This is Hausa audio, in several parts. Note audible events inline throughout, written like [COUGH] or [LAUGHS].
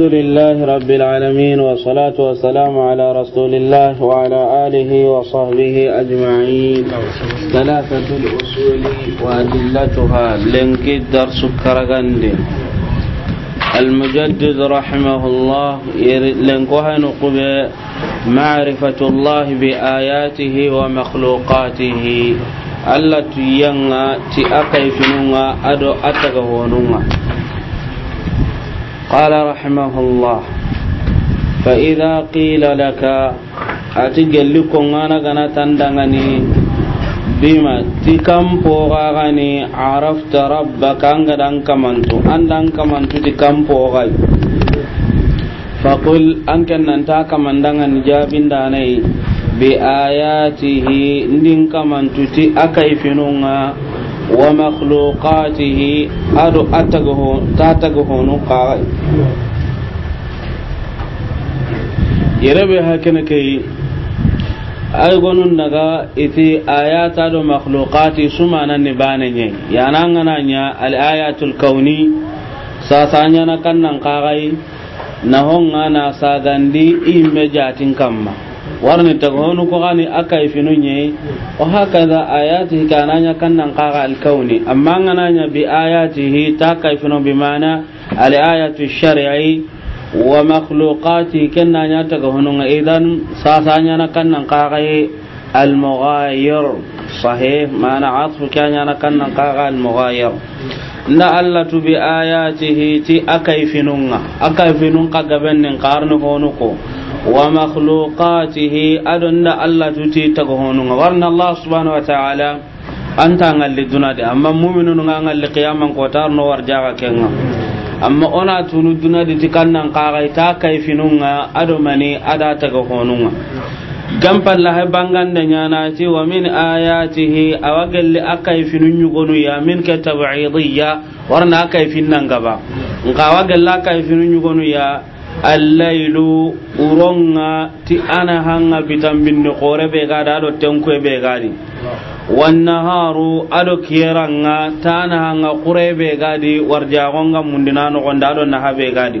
الحمد لله رب العالمين والصلاة والسلام على رسول الله وعلى آله وصحبه أجمعين ثلاثة الأصول وأدلتها لنك الدرس كرغندي المجدد رحمه الله لنكها نقب معرفة الله بآياته ومخلوقاته التي ينغى تأقيفنها أدو أتغهونها قال رحمه الله فإذا قيل لك أتجل لكم أنا غنا تندغني بما تكم فوغاني عرفت ربك أنغا دانك منتو أن دانك منتو تكم فوغاي فقل أنك ننتاك من دغن جابين داني بآياته ندين كمنتو تي أكيفنونا ومخلوقاته أدو أتقه تاتقهون يربي هكنكي aygonun daga iti ayata do makhluqati sumanan ni banenye yana ngananya al ayatul kauni sasanya na kannan kagai na honga sagandi imme kamma warni tagonu ko gani akai ifinu e nye o hakaza ayatihi kananya kannan qara alkauni amma ngananya bi ayatihi ta ka ifinu e bi mana al ayatu syar'i wa makhluqati kananya tagahonu idan sasanya na kannan e al mughayyir صحيح ما عطف كان أنا كان قاغا المغاير na Allah tu bi ayatihi ti akai finunga قارن finunga ومخلوقاته nin karni honuko wa makhluqatihi adon da Allah tu ti tago honunga warna Allah subhanahu wa ta'ala anta ko tar no warjaga kenga amma ona tunu dunade ti kannan kagai ta kai finunga ado mani ta honunga gam palla hay bangande ñanati wa min ayatihi awa gelli a kayfinu ñugonu ya min ke tabidiya warna a gaba nka awa gelli a kayfinu ñugonu ya allailu uronga ti ana hanga bitambinni kore be gada ado tenkwe be gadi wannaharu ado kiyeranga ta ana hanga kure be gadi warjagonga mundina gonda ado naha be gadi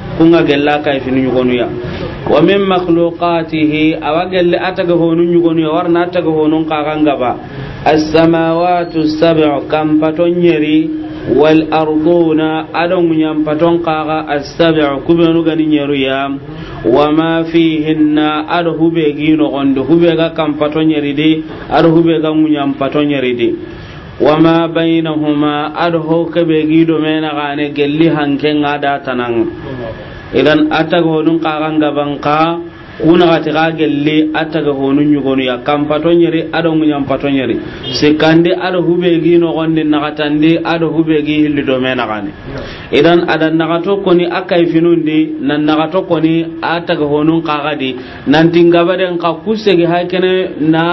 kunga gella kay fini nyugonu ya wa min makhluqatihi awagelle ataga honu nyugonu ya warna ataga honu kaganga ba as-samawati sab'u kam paton nyeri wal arduna adon nyam paton kaga as-sab'u kubenu gani nyeru ya wa ma fihinna ado hube gino gondo hube kam paton nyeri de arhubega hube paton nyeri de وما بينهما أدهو كبيجي دومين غاني جلي هنكين غادا تنان إذن أتغونن قاغان غبانقا kuna ga ta gelle ataga honun yugonu ya kan pato yare adon munyan paton yare sikande ado hube gi no gonde na katande ado hube gi hilli do mena gane idan adan na gato koni akai finundi nan na gato koni ataga honun di. nan tingaba den ka kusse gi hakene na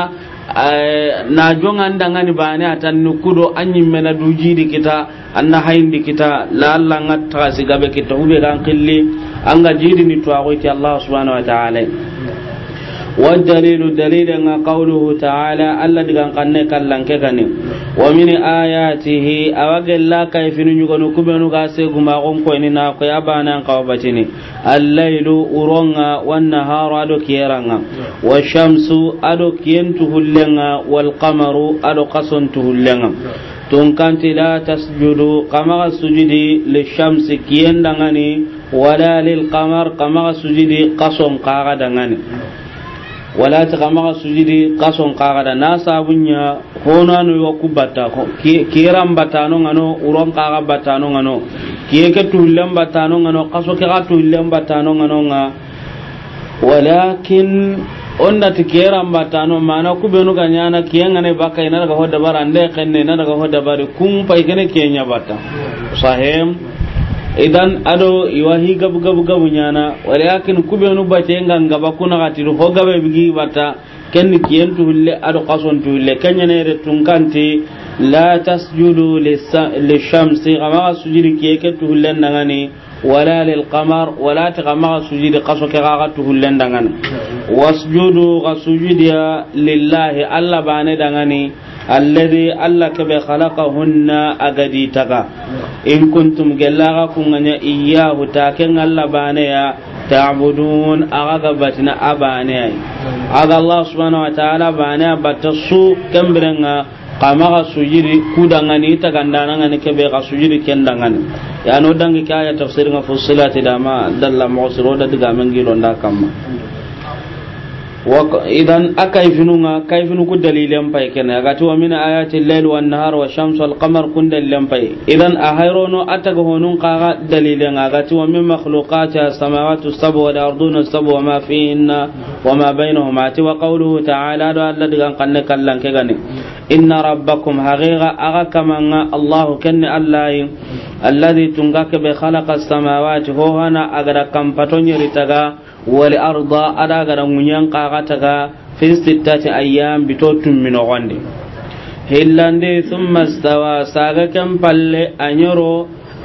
Eh, na jongan dangani bani atan ni kudo anyi mena duji di kita anna haindi kita la alla ngatta si gabe kita ube kan kille anga jidi ni tuwa kwa Allah subhanahu wa ta'ala والدليل دليل أن قوله تعالى ألا دقان قنن كلن كغني ومن آياته أوجل لا كيف نجون كبن غاسق ما قم كوننا قيابنا قوبتني الليل أرونا والنهار أدوك يرنا والشمس أدوك ينته لنا والقمر أدوك سنته لنا tunkanti la tasjudu kamaga sujudi lishamsi kiyen dangani wala lil qamar kamaga sujudi qason kaga dangani wala ta kama sujidi kason kagada na sabunya hono anu wa kubata kiran batano ngano uron kaga batano ngano kiyeke tuhulen batano ngano kaso kega tuhulen batano ngano nga walakin onda ti kiran batano mana kubenu ga nyana kiyenga ne baka ina daga hoda bara ande kenne ina daga hoda bari kumpa ikene nya bata sahem idan ado iwahi gabu gabu gabu nyana wale akin kubenu bace ngan gaba kuna katiru ho gabe bigi bata ken kiyen tuhille ado kason tuhille kenya nere tunkanti la tasjudu lishamsi kama sujiri kieke tuhille nangani wala lilqamar wala ti kama sujiri kaso ke kaka tuhille nangani wasjudu kasujidia lillahi alla bane dangani alladhi allah kabe khalaqahunna agadi taga in kuntum gellaga kunganya iyahu taken allah bane ya ta'budun aga batina abane aga allah subhanahu wa ta'ala bane batasu kambrenga kama ga sujiri kudangani ita gandanangani kebe ga sujiri kendangani ya no dangi kaya tafsir nga fusilati dama dalla mawsiro da diga mengilo nda kamma idan aka a kai finu ku dalilen pai kene agati wa min ayati lail wan nahar wa shamsu wal qamar kun dalilen pai idan a hayrono ataga honun qaga dalilen agati wa min makhluqati as-samawati sabu wal arduna sabu wa ma fiinna wa ma bainahuma ati wa qawluhu ta'ala do alla digan kanne kallan ke gani inna rabbakum haqiqa aga kamanga allah kanne allah alladhi tungaka bi khalaqa as-samawati ho hana agara kam patonyi ritaga wal arda ada gara munyan qaqata ga fi sittati ayyam bitotum min gonde hillande thumma stawa saga kam palle anyoro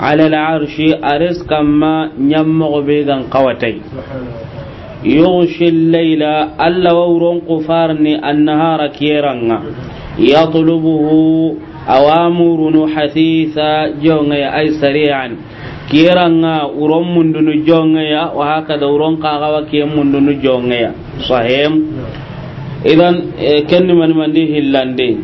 ala al arshi aris kamma nyammo be gan qawatai yughshi al-layla alla wawrun qufarni an-nahara kieranga yatlubuhu awamurunu hasisa jonga ay sari'an kiranga uron mundunu jongeya wa hakada uron kagawa ke mundunu jongeya sahem idan e, kenni man mandi hillande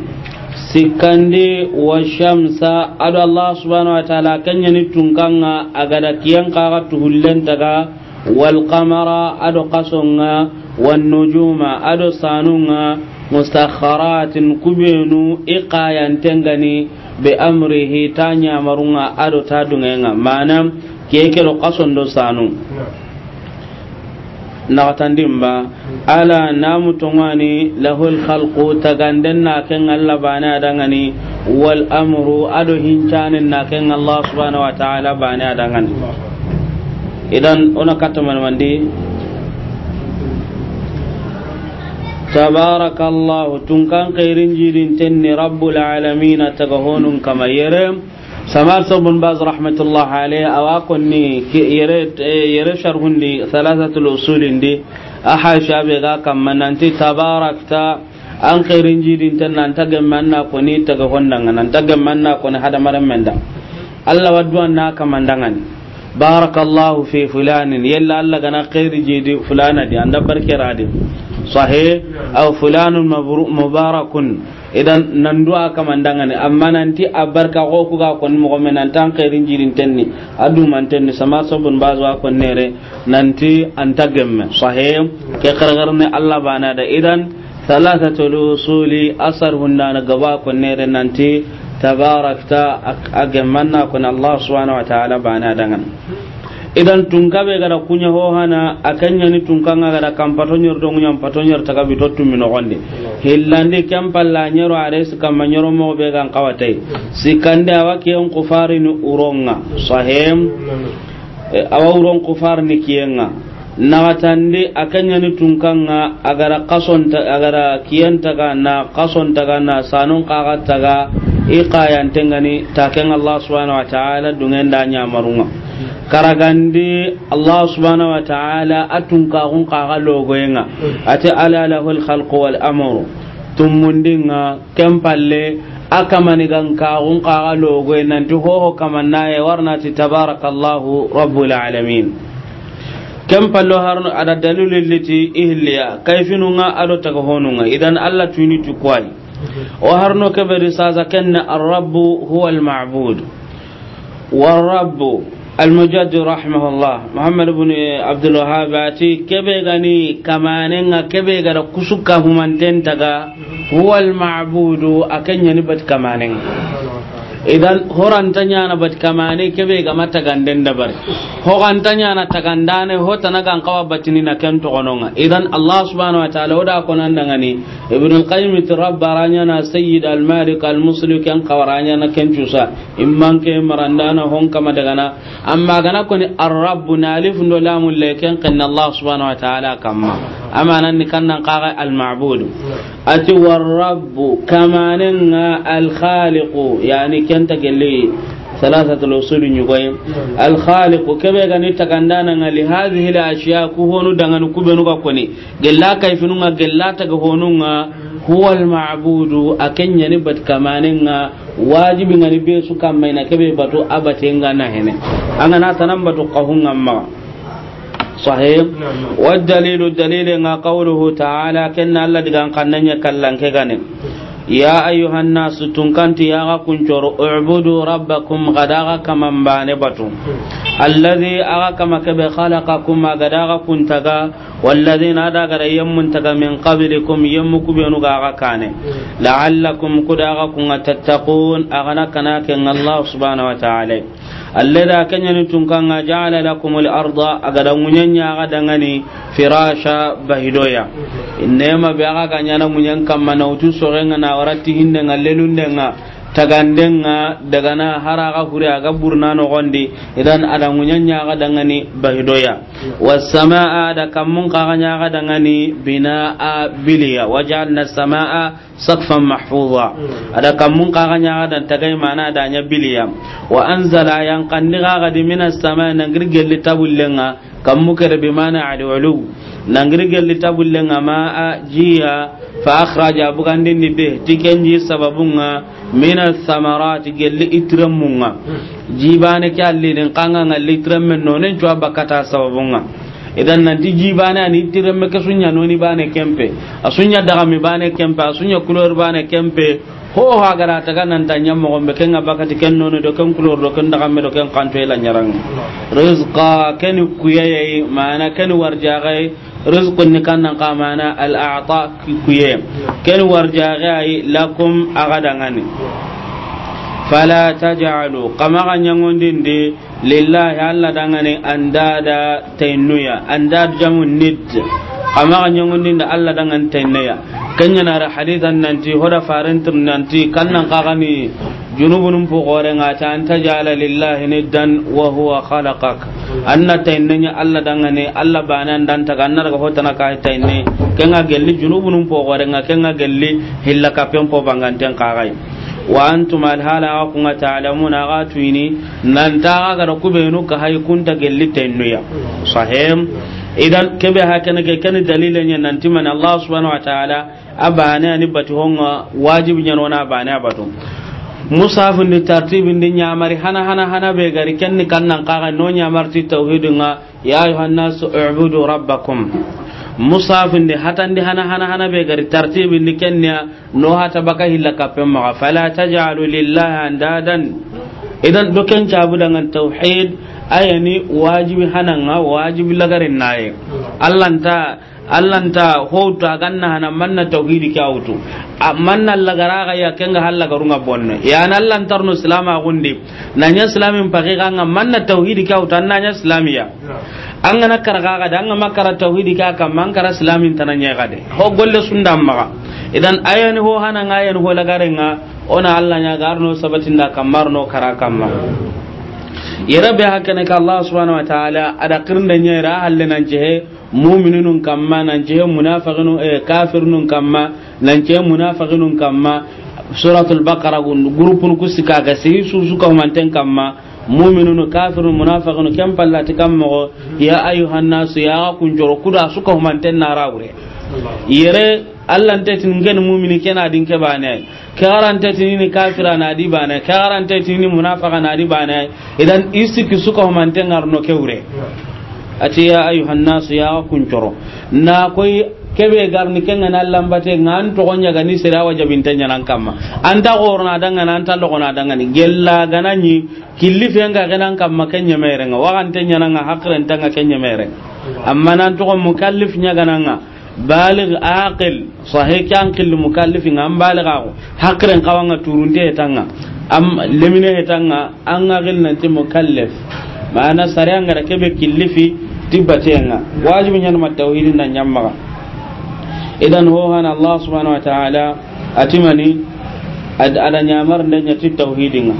sikande wa shamsa adu allah subhanahu wa ta'ala kanya ni tungkanga agada kiyan kaga tuhullen daga wal qamara adu qasonga wan nujuma adu sanunga mustakharatin kubenu iqayan tengani be amrihi ta nyamarunga ado ta dungenga manam qason do sanu na ba ala tongani lahul khalqu taganden na ken allah bana dangani wal amru ado hincanen na ken allah subhanahu wa taala bana dangani idan ona mandi تبارك الله تنكن خيرين جيرين تني رب العالمين تغهون كما يرم سمار بن باز رحمة الله عليه أواقني يري شرهن دي ثلاثة الأصول دي أحاشا بغا كما أنت تباركت an khairin jidin tan nan ta gamma na ko ni ta ga honnan nan ta gamma na ko hada maran menda Allah waddu na kamandangan barakallahu fi fulanin yalla Allah gana khairi jidi fulana di barke radin sahih aw fulanun mubarakun idan nan du'a dangane amma nanti abarka ko ga kon mu gomen nan tan khairin jirin tenni adu man tenni sama sabun bazu ko nere nanti antagem sahih ke ne allah bana da idan asar ثلاثة الوصول أثر هنا nan ti tabarakta agemanna kun allah subhanahu wa ta'ala bana dangane. idan be gara hana akanya a tunka nga gara kam patoñer donguñam patoñer taga mino gonde hillande hillandi la nyoro ñero aresi kamma mo be gan kawatay sikkandi awa kufari ni uronga sahem eh, awa uron ni kiyenga akanya a tunka nga agara kasonta agara kiyentaga na kasontaga na sanon kaga taga i tengani taken allah subhanahu wa taala dungenda da marunga karagandi allah subhanahu wa ta'ala atun ka hun ka ga logoyenga ati ala lahul khalqu wal amru mundinga kempalle akamani gan ka hun ka ga logoyen nan ti ho ho kamanna ya warna ti tabarakallahu rabbul alamin kempallo harno ada dalilul liti ihliya kayfinunga ado tagahonunga idan allah tuni tu kwali o harno kebe risaza kenna ar-rabbu huwa al-ma'bud war-rabbu المجد رحمه الله محمد بن عبد الوهاب اتي كبيغني كمانن كبيغا كسكا همانتن تغا هو المعبود اكن ينبت كمانن idan horantanya na bat kamane kebe ga mata ganden da bari horantanya na ho ta na gan kawa batini na kan to gononga idan allah subhanahu wa ta'ala oda ko nan daga ni ibn al qayyim tirabbaranya na sayyid al malik al muslim kan kawaranya na kan cusa imman ke marandana hon kama daga na amma gana ko ni ar rabb alif ndo lamul lekan kan allah subhanahu wa ta'ala kamma amma nan ni kan nan qara al ma'bud ati war rabb kamanin al khaliq yani kenta gelli salasata lusulin yugoyi alkhalik ko kebe gani takanda nan ali hazihi la ashiya ku honu dangan ku benu ga koni gella kaifinu ga gella ta ga honu ga huwal ma'budu akenya ni bat kamanin ga wajibi ngani su kam mai na kebe batu abate nga na hene anga na tanan batu qahun amma sahih wa dalilu dalilin ga qawluhu ta'ala kenna alladiga kannanya kallan ke gani ya ayuhan nasu tunkanti ya ga kuncoro ubudu rabbakum gadaga kaman bane batu alladhi aga kama kabe khalaqakum gadaga kuntaga walladhina daga da yammun taga min qablikum yammu kubenu ga aga kane la'allakum kudaga kun tattaqun agana kana ken allah subhanahu wa ta'ala alladha kanyani tunkanga ja'ala lakum arda ardha agada munyanya agada ngani firasha bahidoya inema be aga kanyana munyan kamma na utu sorenga na warati hindenga ndenga tagandenga dagana haraga kuri aga burna nogondi idan adangunya nyaga dangani bahidoya wasamaa da kamun kaga nyaga dangani binaa biliya wajalna samaa sakfan mahfuza ada kamun kaga nyaga dan tagai mana nya biliya wa anzala yan qandiga ga dimina samaa na gelli tabullenga kamu kere bimana adi ulu nangiri gelli tabulle nga a jiya fa akhraja bugandi ni be tikenji sababunga mina samarati gelli itremunga jibane ke alli den kanga ngalli itremme nonen jwa bakata sababunga idan di jibane ani itremme ke sunya noni bane kempe asunya dagami bane kempe asunya kulor bane kempe ho ha gara ta ga nan tanya mo gombe ken ga bakati ken nono do ken kulor do ken daga me do ken kanto ila nyarang rizqa ken kuyaye mana ken warjagai rizqun ni kan nan qamana al a'ta kuye ken warja gai lakum agadangani fala taj'alu kama ganyangon dinde lillahi alla dangane andada tainuya andad jamun nid amma kan yongondi da Allah dan an tayneya kanya na hadithan nan ti hoda faran tir nan ti kannan ka gani junubun fukore nga ta anta jala lillahi ne niddan wa huwa khalaqak anna taynenya Allah dan ne Allah ba nan dan ta kan daga hota na kai tayne kenga gelli junubun fukore gore nga kenga gelli hilla ka pempo banganten ka gai wa antum alhala wa kunga ta'lamuna gatuni nan ta ga da kubenu ka hay kunta gelli taynuya sahem idan kebe ha kana ke kana dalilin yan nan timan Allah subhanahu wa ta'ala abana ni batu honga wajibi nyan wana abana batu musafin di tartibin di nyamari hana hana hana be gari kenni kannan kaga no nyamar ti tauhidin ya ayuhan nas ubudu rabbakum musafin di hatan di hana hana hana be gari tartibin di kenya no hata baka hilla kapen fala taj'alu lillahi andadan idan doken cabu dangan tauhid ayani wajibi hananga wajibi lagarin naye allanta allanta hoto aganna hana manna tauhidi ke auto manna lagara ga ya kenga halla garunga bonne ya na allantar no islama gundi nanya islamin pake ganga manna tauhidi ke auto nanya islamiya an gana karga ga an makara tauhidi ka kan man islamin tananya ga de ho golle sunda maga idan ayani ho hananga ayani ho lagarenga ona allanya garno da kamarno kara ma. bi haka ne ka allah subhanahu wa ta'ala ada qirnda nyera halle nan je mu'minun kamma nan je munafiqun e eh, kafirun kamma nan je munafiqun kamma suratul baqara gun grupun sika ga sai su su ka manten kamma mu'minun kafirun munafiqun kam pallati kammo ya ayuhan nas ya kun joro kuda su ka manten narawre yere ta tin ngen mumini kena din ke bane ke garante tin ni kafira na di bane ke garante tin ni munafiqa na di bane idan isiki suka humante ngarno kewre ati ya ayuhan nas ya kunchoro na koi kebe garni kenga na lambate ngan to gonya gani sira waja bintanya nan kamma anta gorna danga nan anta logona danga ni gella gananyi kilife nga ganan kamma kenya merenga wa kan tenya nan hakren tanga kenya mere amma nan to mukallif nya gananga baligh aqil sahih kan kil mukallif ngam baligha hakren kawanga turunde hetanga am lemine hetanga an aqil nanti mukallif ma'ana sare an gara kebe killifi nga. wajibi nyan ma tauhidin nan nyamma idan ho hana allah subhanahu wa ta'ala atimani ada nyamar nda nyati nga.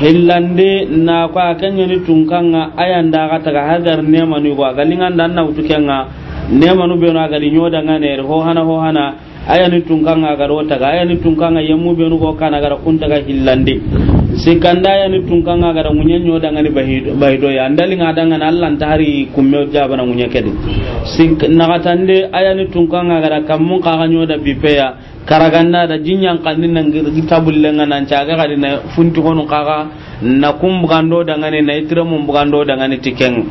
hillande na kwa kanya ni tunkanga ayanda kata ga hadar ne manu ga galingan dan na utukenga ne manu be na gadi nyoda ngane ho hana ho hana aya ni ro ta ga aya ni tungkanga yemu be nu ko kana kun ta ga hillande sikanda aya ni tungkanga gara munya nyoda ngane bahido bahido ya andali ngada ngana Allah tari kumme jaba na munya kedi sik nagatande aya ni tungkanga kam kamun ka ga nyoda bipeya karaganna da jinyan kanin nan gitabul lenga nan caga ga na funtu honu kaga na kum bugando dangane na itira mun bugando dangane tiken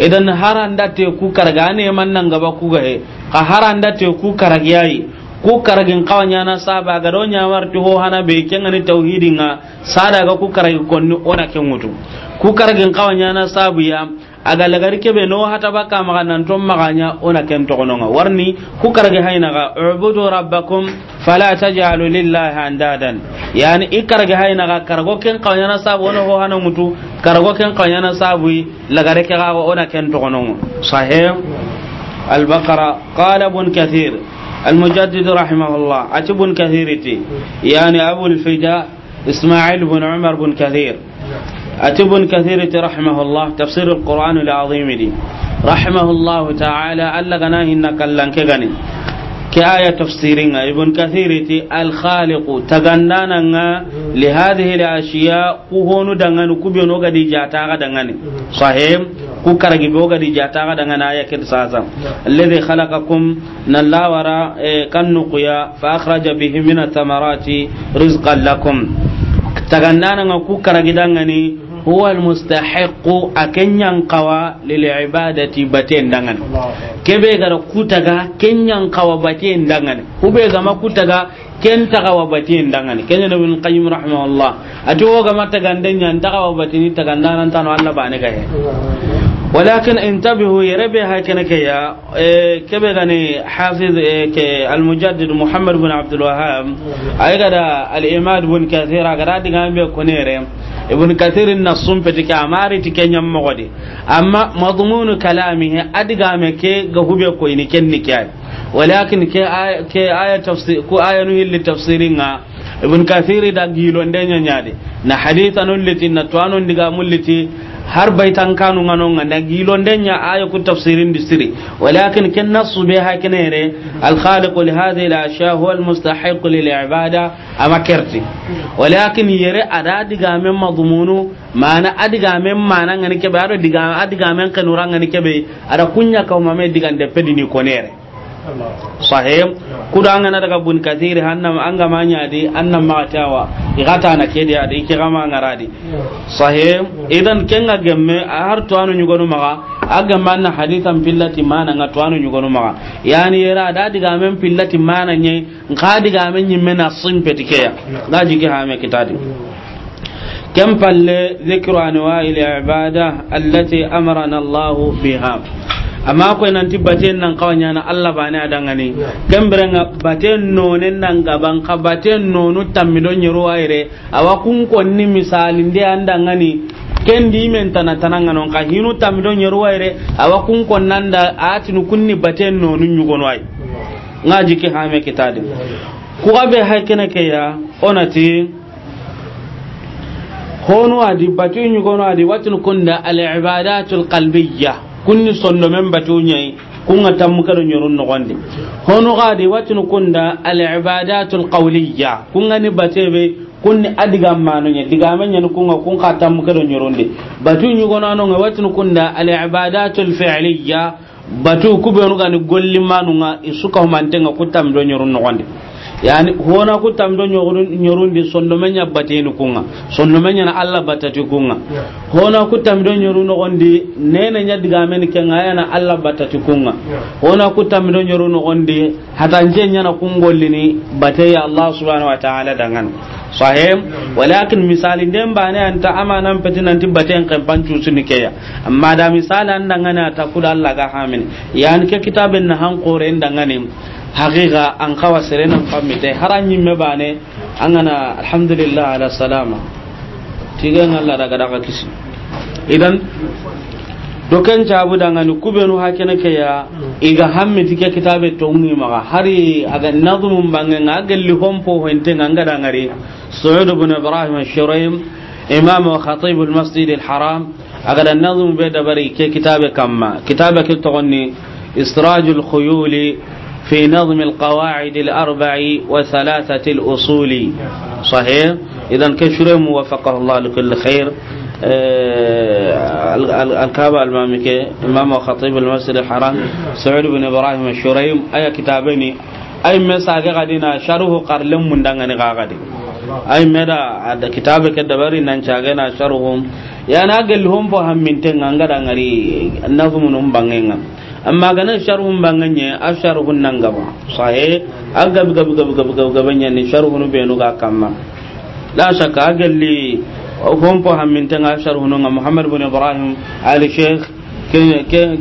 idan da te ku karga ne man nan gaba ku ga he ka haranda te ku yayi ku kargin kawanya na saba ga don yamar tiho hana be ken ani tauhidin ga sada ga ku karga konni ona ken wutu ku kargin kawanya na sabu ya a lagari kebe no hata baka maga nan ton maganya ona ken to gononga warni ku karage hayna ga ubudu rabbakum fala taj'alu lillahi andadan yani karage hayna ga karago ken na sabu ona ho hana mutu karago ken na sabu lagare ke ga ona ken to gononga sahih البقرة قال ابن كثير المجدد رحمه الله أتب كثير يعني أبو fida إسماعيل بن عمر بن كثير أتبن كثير رحمه الله تفسير القرآن العظيم دي رحمه الله تعالى ألا غناه إنك لن كغني كآية تفسيرنا ابن كثير الخالق تغنانا لهذه الأشياء كهونو دنغانو كبيونو غدي جاتاغا دنغاني صحيح ku karagi bo gadi jata ga daga na yakin sasa alladhi khalaqakum nallawara kan nuqiya fa akhraja bihi min athamarati rizqan lakum tagandana nga ku karagi dangani huwa almustahiqu akenyan kan lil ibadati baten dangan kebe gara kutaga kenyan kawa baten dangan hube gama kutaga ken tagawa baten dangan kenya nabin qayyim rahimahullah ati wo gama tagandenya tagawa batini tagandana tanu Allah bane gaye ولكن انتبهوا يا ربي يربيها كنكيا كبغني حافظ المجدد محمد بن عبد الوهاب اي ايغدا الاماد بن كثير اغدا دغام بكونير ابن كثير النصم فتك اماري تكنيم مغدي اما مضمون كلامه ادغام كي غوبي كويني كنكيا ولكن كي آية كي ايه تفسير كو ايه نهي لتفسيرنا ابن كثير دا غيلون دنيا نادي na hadithanun liti na tuwanun diga mun har baitan kanu ngano ngana gilo ndenya ayo ku tafsirin disiri walakin kin nasu be hakine ne al khaliq li hadhihi al ashiya huwa al mustahiq lil ibada ama kerti walakin yere ada diga men madmunu mana adiga men mana ngani ke ba diga adiga men kanura ngani ke be ada kunya kauma me diga de pedini konere sahim kuda an na daga bun kathiri annam an ga manya di annam ma tawa igata na kedi adi ki gama ngaradi sahim idan gemme har to anu nyugo maga aga manna hadithan pillati nga to anu nyugo Yaani yani era da diga men pillati mana nye nyimme na simpeti keya da jigi ha me kitadi كم فل ذكر أنواع العبادة amma ko nan ti bate nan kawanya na Allah bane adangane kambere nga bate nonen nan gaban ka bate nonu tammido nyiro aire awa kun ni misali nde ken di men tana tananga non ka hinu tammido nyiro aire awa kun konnanda atinu kunni bate nonu nyugono ai ngaji ke hame kitade ku abe hakene ke ya onati honu adi nyugo no adi watin kunda al ibadatul qalbiyya kunni sondo men batu nyai kunga tammu kado nyorun no gonde hono gadi watin kunda al ibadatul qawliya kunga ni batebe kunni adiga manu nya diga men nya kunga kun ka tammu kado de batu nyugo nano nga watin kunda al ibadatul fi'liya batu kubenu gani golli manu nga isuka nga kutam do nyorun no gonde yani hona ku tamdo sondo menya bateni kunga menya na alla batati kunga hona ku tamdo nyoruno gondi nene nya diga men ngaya na alla batati kunga hona ku tamdo nyoruno gondi hata njenya na kungolli ni batai allah subhanahu wa ta'ala dangan sahim walakin misali den ne anta amanan nan ti baten kan pancu suni ya amma da misali an dangana ta kula allah ga hamin yani ke kitabin na han qore dangane haqiqa an kawa serenan pammite haran yimme bane an gana alhamdulillah ala salama tigan Allah daga daga kisi idan cabu da ngani kubenu hakene ke ya iga hammi tike kitabe to ngi maga hari aga hompo ngari suud ibn ibrahim shuraim imam wa khatib al masjid al haram aga da nazmun be da bari ke kitabe kamma kitabe ke to khuyuli في نظم القواعد الأربع وثلاثة الأصول صحيح إذا كشر موفقه الله لكل خير آه، الكابة المامكة إمام وخطيب المسجد الحرام سعود بن إبراهيم الشريم أي كتابين أي مساقي غدنا شره قرلم من دنغني غادي أي مدى كتابك الدبري ننشاقنا شرهم يعني أقل هم فهم من تنغن دنغري نظم بانغنغ amma ganin sharhun banganye a sharhun nan gaba sahe a gabi gabi gabi gabi gabi gabi ne sharhun benu ga kamma la shakka agalli hon po hamminten a sharhun nan muhammad bin ibrahim ali sheikh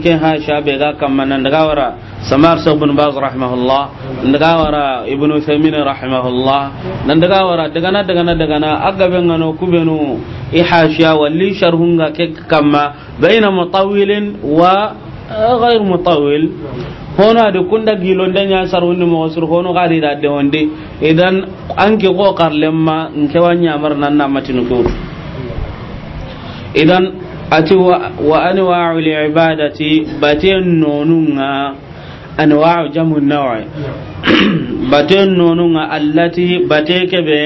ke ha sha be ga kamma nan daga wara samar sa ibn baz rahimahullah daga wara ibn usaymin rahimahullah nan daga wara daga na daga na daga na agabe ngano kubenu ihashiya walli sharhun ga ke kamma baina mutawilin wa غير مطول هنا دي كندا جيلون دنيا سرون موسر هنا غادي دا دوندي اذا انك قو قرلما نكوانيا مرنا نامتن كو اذا اتي وانواع العباده باتين نونغا انواع جمع النوع باتين نونغا التي باتيك به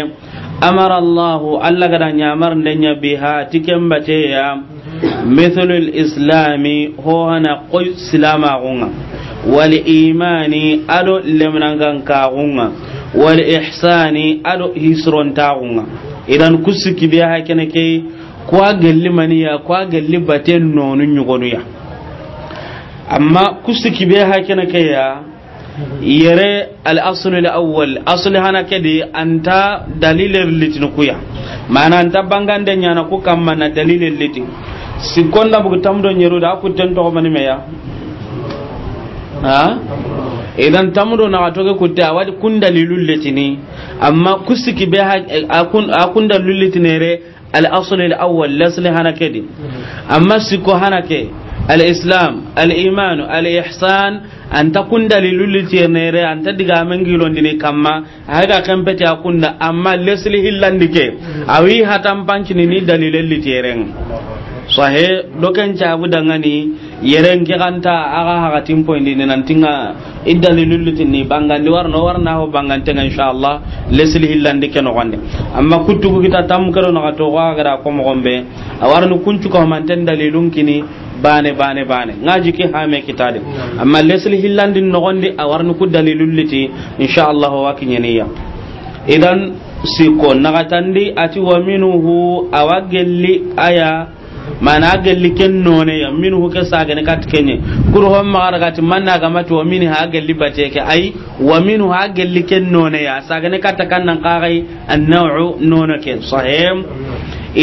امر الله الله غدا نيامر دنيا بها تكم باتيا مثل الإسلام هو أنا قوي سلاما غنى والإيمان ألو لمنان كاغنى والإحسان ألو هسرون تاغنى إذا كسك بها كنكي yaa galli maniya kwa galli baten nonun yugonuya amma kusiki be hakina kaya yere al-asl awwal asl hana kedi anta dalilir litin kuya mana anta bangande nyana ku kamma na litin sikonna bugu tamdo nyeru da ten to mani meya ha idan tamdo na to ke kutte wadi kunda lilulletini amma kusiki be ha akun akunda lulletini re al asl al awwal lasli hana kedi amma sikko hana ke al islam al iman al ihsan ta kunda lilulletini re ta diga mengilo ndine kamma haga kampete akunda amma lasl hillandike awi hatam pancini ni dalilel litiren sahe doken cabu dangani yeren ki kanta aga haga tim point ni nan tinga idali lulluti ni bangandi warno warna ho bangante nga inshallah lesli hillandi ken gonde amma kuttu kita tam karo na to ga gara ko mo gombe awarnu kuncu ko tan dalilun kini bane bane bane ngaji ki hame kitade amma lesli hillandi no gonde awarnu ku dalilulluti inshallah wa kinyaniya idan siko nagatandi ati wa minhu awagelli aya mana galli ken none ya min hu ka saga kati kat kenye kur hon ma daga tin man na gama to min ha galli bate ke ai wa min ha galli ken none ya saga ne kat kan nan qarai an naw'u nona ken sahim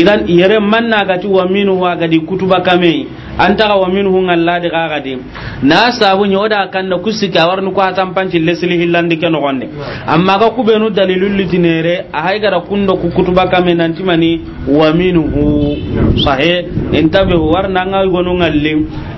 idan yare man na gati wa min hu ga kutuba kame anta ga wa minhu ngalla di ga gadi na sabu nyoda kan na kusika warnu ko atan panci lesli hillandi ken gonne amma ga kubenu dalilul litinere a haiga da kundo ku kutuba kame nan timani wa minhu sahe intabihu warna nga gonu ngalle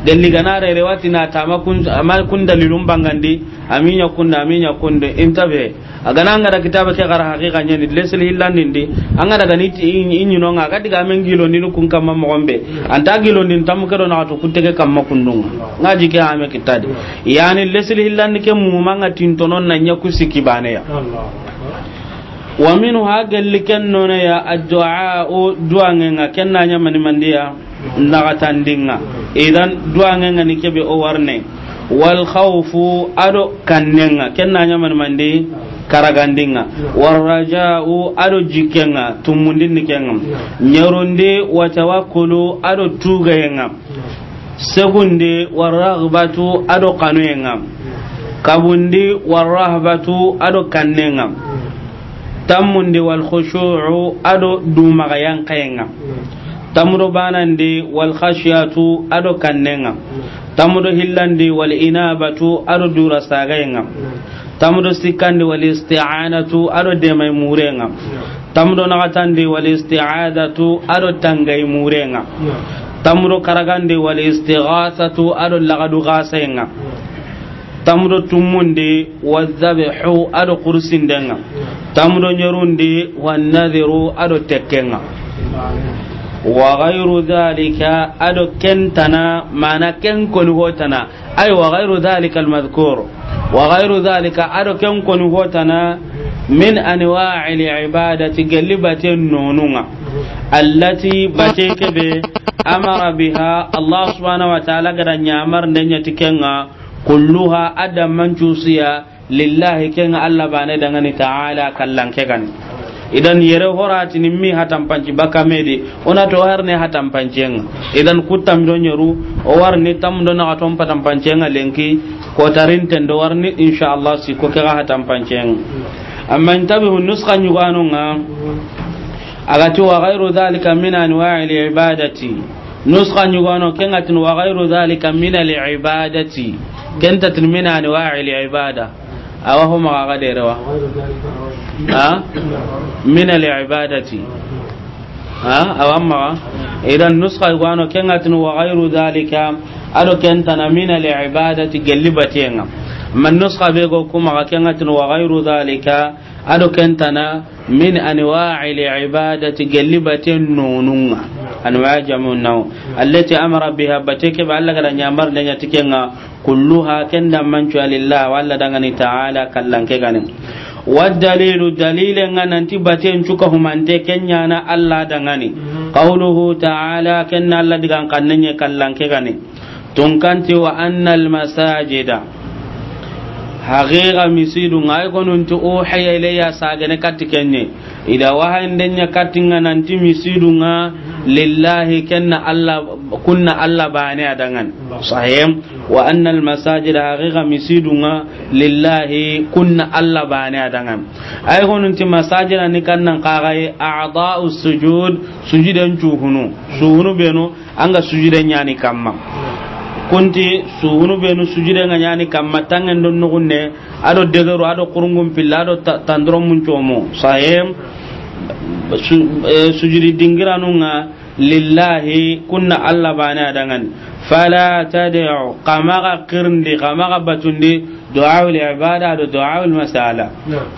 dalli gana rere wati na tama kun amma kun dalilun bangandi aminya kun aminya kun de intabe aga nan gara kitaba ke gara haqiqa nyani lesli landi ndi an gara ga ni inyino nga ga diga men gilo ni kun kamma mo gombe ta gilo ni tamu na watu kutege kamma kundunga nga jike ame kitadi yani lesli hillandi ke muma nga tintonon na nyaku sikibane ya wa minu ha galli ken nona ya addu'a o duange nga ken na nya mani mandiya ndaga tandinga idan duange nga ni kebe o warne wal khawfu ado kanenga ken na nya mani mandi karagandinga warraja'u ado jikenga tumundin nikenga nyaronde wa tawakkulu ado tugayenga segundi warraghbatu ado kanuyengam kabundi warrahbatu ado kannengam tammundi walkhushu'u ado dumagayan kayengam tamudo banandi walkhashyatu ado kannengam tamudo hillandi walinabatu ado durasagayengam tamudo sikkandi walisti'anatu ado demay murengam tamudo nagatandi walisti'adatu ado tangay murengam tamro karagande wal istighathatu ado lagadu gasenga tamro tumundi wadhabhu ado kursindenga tamro nyorundi wannadhiru ado tekenga. wa ghayru dhalika ado kentana mana ken koni hotana ay wa ghayru dhalika almadhkur wa ghayru dhalika ado ken koni hotana min anwa'il ibadati galibatin nonunga allati bateke be amara biha allah subhanahu wa ta'ala gada nyamar ndenya tikenga kulluha adam man manchusiya lillahi kenga allah bane dangani ta'ala kallanke gani idan yere horati ni mi hatan panci baka medi ona to har ne hatan pancen idan kutam do nyeru o war tam do na ton patan pancen lenki ko tarin ten do war Allah si ko ka hatan pancen amma intabihu nuska nyuganunga agati wa ghairu dhalika min anwa'i al-ibadati nuska nyugano kengatin wa ghairu dhalika min al-ibadati kentatin min anwa'i al-ibada awa huma ga gaderewa ha min al-ibadati ha awamma idan nuska nyugano kengatin wa ghairu dhalika ado kentana min al-ibadati gelibatenga man nusxa be go kuma ga kenga wa ghairu dhalika ado kentana min anwa'i al-ibadati nununga anwa jamunau allati amara biha batike ba Allah kada nyamar da nyatikenga kulluha kenda mancu lillah walla dangani ta'ala kallanke ganin والدليل دليل أن أنت باتين شكهم من تكني أنا الله دعاني قوله تعالى كن الله دعان كنني كلان كغني تنكنت وأن المساجد haqiqa misidu ngai konun tu uhiya ya sagane katikenye ida wahan denya katinga nanti misidu nga lillahi kenna alla kunna alla bani adangan sahim wa anna al masajid haqiqa misidu nga lillahi kunna alla bani adangan ay konun ti masajid ni kannan qagai a'da'u sujud sujudan chuhunu suhunu beno anga sujudan nyani kamma kunti suhunu benu sujude nga nyani kamma tangen don nugunne ado degeru ado kurungum e, sujudi dingiranu nga lillahi kunna alla bana dangan fala tad'u qamaga qirndi qamaga batundi du'a ibada ado du'a masala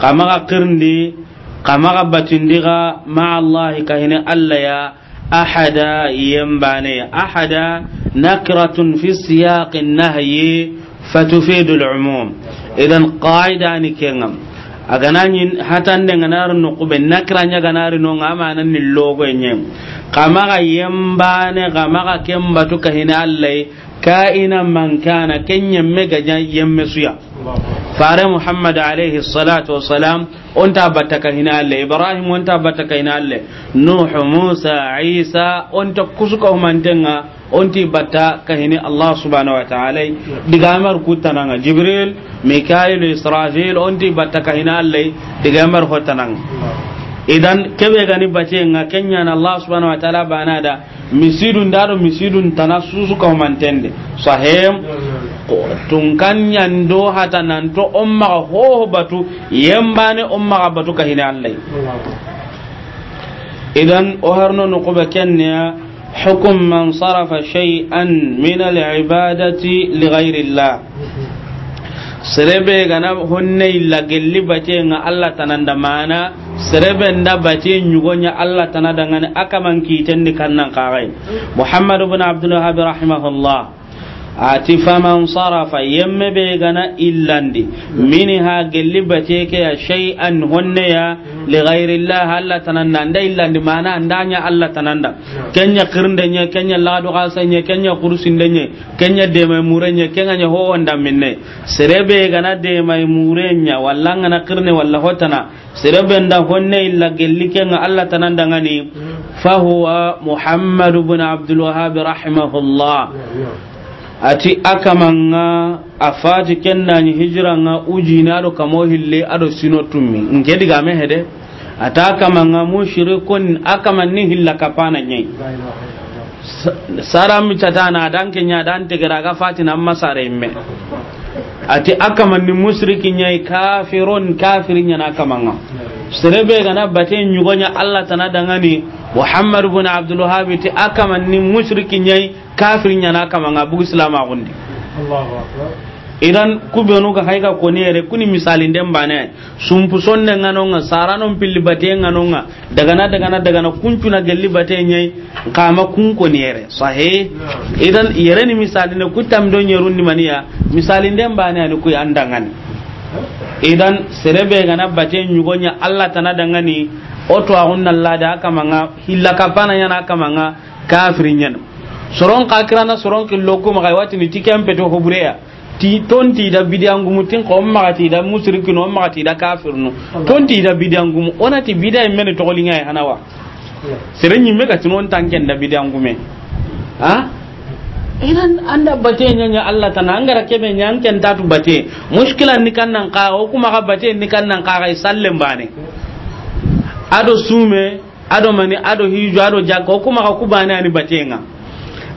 qamaga qirndi qamaga batundi ga ma allah ya ahada ahada نكرة في سياق النهي فتفيد العموم إذا قاعدة نكينغم أغناني حتى نغنار نقوب نكرة نغنار نغام أنا نلوغو نيم قمغا يمباني قمغا كمبتو كهنا اللي كائنا من كان كن يمي يمسيا فار محمد عليه الصلاة والسلام ta batta ka hina alle ibrahim ta batta ka hina alle nuh musa isa ta kusuka humantenga ti batta ka hini allah subhanahu wa ta'ala digamar kutananga jibril mikail israfil ti batta ka hina alle digamar hotananga idan kebe gani bace nga kenya na Allah subhanahu wa ta'ala bana da misidun daro misidun tana susu ka mantende sahem tun kanyan do hata nan to umma ho batu ne umma batu ka hina Allah idan o harno no ko kenya hukum man sarafa shay'an min al-ibadati li ghairi Allah sirebe gana honne illa gelli bace nga Allah tananda mana sereben da bate nyugonya Allah tana dangane akaman kiten ni kannan kagai mm. Muhammad ibn Abdul Wahhab rahimahullah ati faman sarafa yemme be gana illandi mini ha gelli bace ke ya shay'an honne ya li ghairi allah alla tananda anda illandi mana andanya alla tananda kenya kirnde nya kenya ladu gasa nya kenya kursin de nya kenya de mai mure nya kenya nya ho wanda minne serebe gana de mai mure nya wallanga na kirne walla hotana serebe nda honne illa gelli kenga alla tananda ngani fa huwa muhammad ibn abdul wahhab rahimahullah ati akamanga afati kennani hijra nga ujina do kamo hille ado sino tummi ngedi ga mehede ata akamanga mushrikun akaman ni hilla kapana nyai saram chatana danke nya dante gara ga fati nam masare imme ati akaman ni mushriki nyai kafirun kafirin nya akamanga sirebe gana bate nyugonya allah tanadangani muhammad ibn abdul wahhab ti akaman ni mushriki nyai kafir nyana kama nga bugu islama gundi idan kubenu ga haiga koni yare kuni misali den bane son sonne ngano nga sarano pilli bate ngano nga daga na daga na daga na kuncu na gelli bate nyai kama kun koni yare sahi idan yare ni misali ne kutam don yerun ni maniya misali den bane ani kuy andangan idan serebe gana bate nyugonya Allah tana dangani oto a hunna lada aka manga hilla kafana yana aka manga kafirin yana soron ka na soron killo kuma kai wati ni tikan peto hubureya ti ton ti da bidiyangu mutin ko ma ti da musrikin on ma ti da kafirnu ton ti da bidiyangu ona ti bidiya men to golinga ya e hanawa serenyi me ka tinon tanken da bidiyangu me ha idan anda bate nyanya Allah tana angara kebe nyanken tu bate mushkila ni kannan ka o kuma ka bate ni kannan ka kai sallen bane ado sume ado mani ado hijo ado jakko kuma ka kubane ani batenga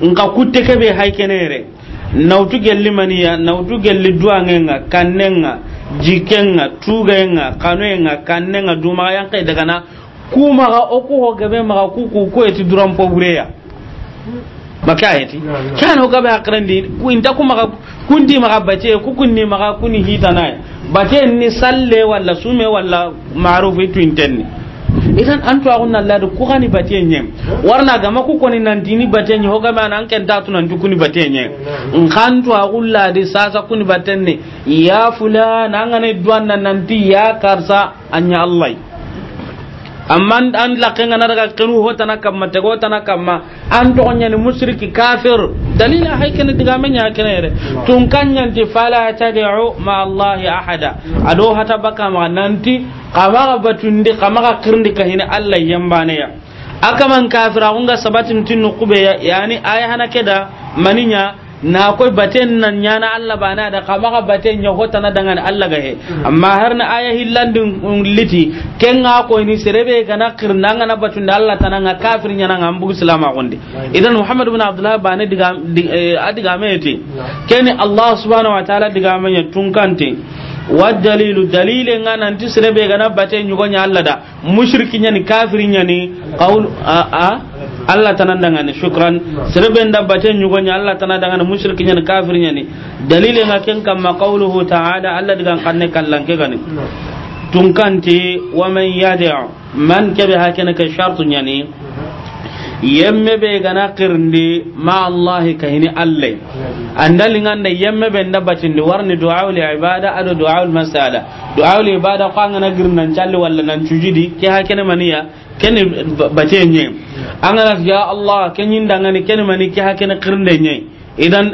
nka kutte kebe hay kenere nautu gelli maniya nautu gelli ngenga kannenga jikenga tugenga kanoyenga kannenga dumaga yankai kuma ga oku ku ku kuku eti duran pogureya maka eti kan hogabe akrandi ku inta ga kundi ma bace ku kunni maga kuni nay bace ni salle wala sume wala ma'ruf itu intenni idan an tuwa kun nan ladu ku gani bate nye warna ga maku koni nan dini bate nye hoga ma nan kenta tu nan dukuni bate nye in kan to agun sasa kuni bate ne ya na nga ne duwan nan nan ya karsa anya allai amma an lakke ngana daga kenu hota na kamma te hota kamma an to nya ni musriki kafir dalila hay ken diga men ya ken ere tun kanya ti fala tad'u ma allah ahada ado hata baka ma nanti kama batundi kama kirndi kahina allah yambane ya akaman kafira unga sabatin tinnu kube ya yani aya hana keda nyaa. na koy baten nan nyana Allah bana da kama ga baten nya hota na dangan Allah ga he amma har na aya hillandin liti ken ga ko ni serebe ga na kirna ga na batun da Allah tananga kafir nya nan ambu islama gonde idan Muhammad ibn Abdullah bana diga eh, adiga mete ken Allah subhanahu wa ta'ala diga manya tunkante wa dalilu dalile nga nanti sirebe gana bate nyugo nya Allah da mushriki nya ni kafiri nya ni qaul a a Allah tanan daga ni shukran sirebe nda bate nyugo nya Allah tanan daga ni mushriki nya ni kafiri nya ni dalile nga ken kam qauluhu ta'ala Allah digan kanne kallan ke gani tunkanti wa man yad'u man kabe hakana ka shartu nya yemme be gana qirndi ma allah hini alle andali nganda yemme be nda batindi warni du'a li ibada ado du'a al masala du'a li ibada ko ngana girnan challe walla nan cujidi ke kene maniya ken bace nye angana ya allah kenin dangani ken mani ke kene qirnde nye idan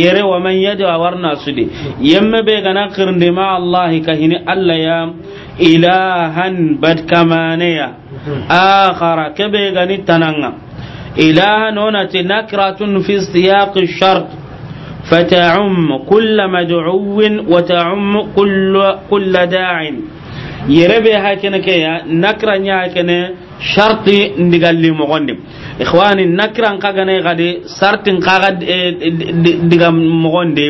yere wa man yadu warna sudi yemme be gana qirndi ma allah hini alle ya ilahan bad kamaniya akhara kebe gani tananga ilaha nonati fi siyaqi shart فتعم كل مدعو وتعم كل كل داع يربي هكذا كيا نكرا هكذا شرط ندقال لي مغنم ikhwani nakran kaga ne gade sartin kaga diga mogonde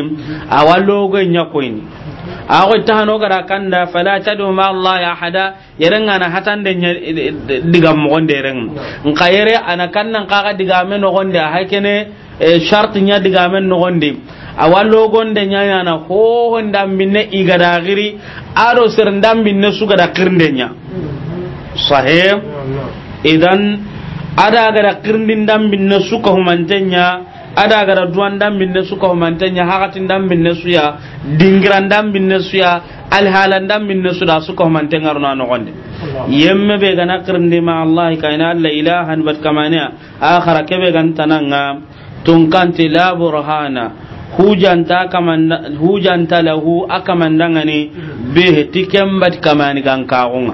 awalo go nyakoyni ago tahano gara kanda fala tadu ma allah ya hada yerenga na hatande diga mo gonde reng nka yere ana kannan kaga diga men no gonde ha kene eh, shart nya diga men no gonde awallo gonde nya yana ho honda minne igada giri aro sir ndam minne suga da kirnde nya sahih idan ada gara kirndin ndam minne suka humantenya ada gara duwan ne su kahumantenya hakatin su ya dingiran dambinne suya alhalan ne su da su kahumantenga runa nogonde yemme be gana kirndi ma allah kaina alla ilahan bat kamania akhara kebe gan tananga tunkanti la burhana hujanta kamanda hujanta lahu akaman akamandangani be tikem bat kamani kan kaunga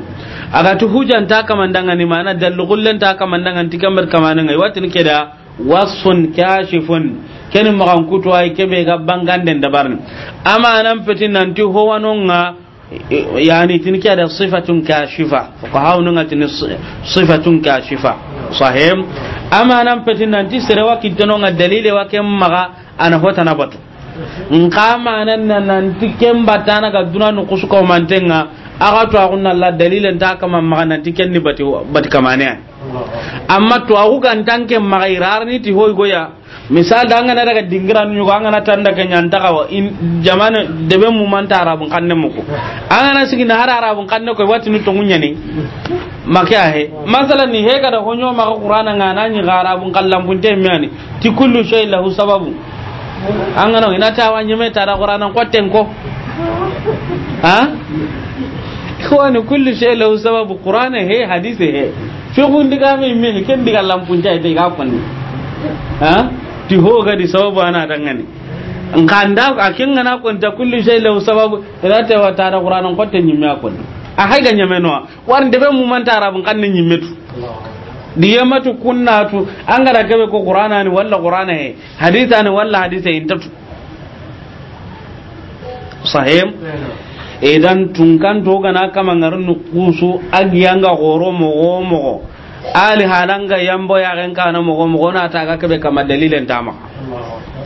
aga agatu hujanta kamandangani mana dalugullen ta kamandangani tikem bat kamani ngai watin keda wasun kashifun kenin magan kutu ay kebe ga banganden dabarni amma nan fitin nan ti ho wanonga yani tin ke da sifatun kashifa ko hawnun ga tin sifatun kashifa sahim amma nan fitin nan ti sere wa kitanonga dalile wa kem maga ana hota na batu ka ma nan nan nan ti kem batana ga duna nu kusuko mantenga aga to agunna la dalilen ta kama maga nan ti ken ni bati bati kamane amma to aku kan tanke magairar ni ti hoy goya misal da ngana daga dingiran ni ko ngana tanda ke nyanta ka in jamana be mu manta arabun kanne mu ko ngana sigi na hara arabun kanne ko wati ni to ngunya ni makya he masalan ni he kada honyo maka qur'ana ngana ni arabun kallam bunte miani ti kullu shay lahu sababu ngana ina ta wanye ta da qur'ana ko tenko ha ni kullu shay lahu sababu qur'ana he hadisi he fihun diga me me ken diga lampun jai te ga kwani ha ti ho ga di sababu ana dangane a akin ngana kon ta kullu shay lahu sababu ila ta wa ta qur'an kon ta nyimme akon a hay ga nyame no war ndebe mu man ta arabun kan nyimme tu kunna tu an gara gabe ko qur'ana ni walla qur'ana he haditha ni walla haditha intatu sahim idan tunkan to gana kama ngarin kusu agiyanga goro mo go ali halanga yambo ya ren kana mo go na ta ga kebe kama dalilen tama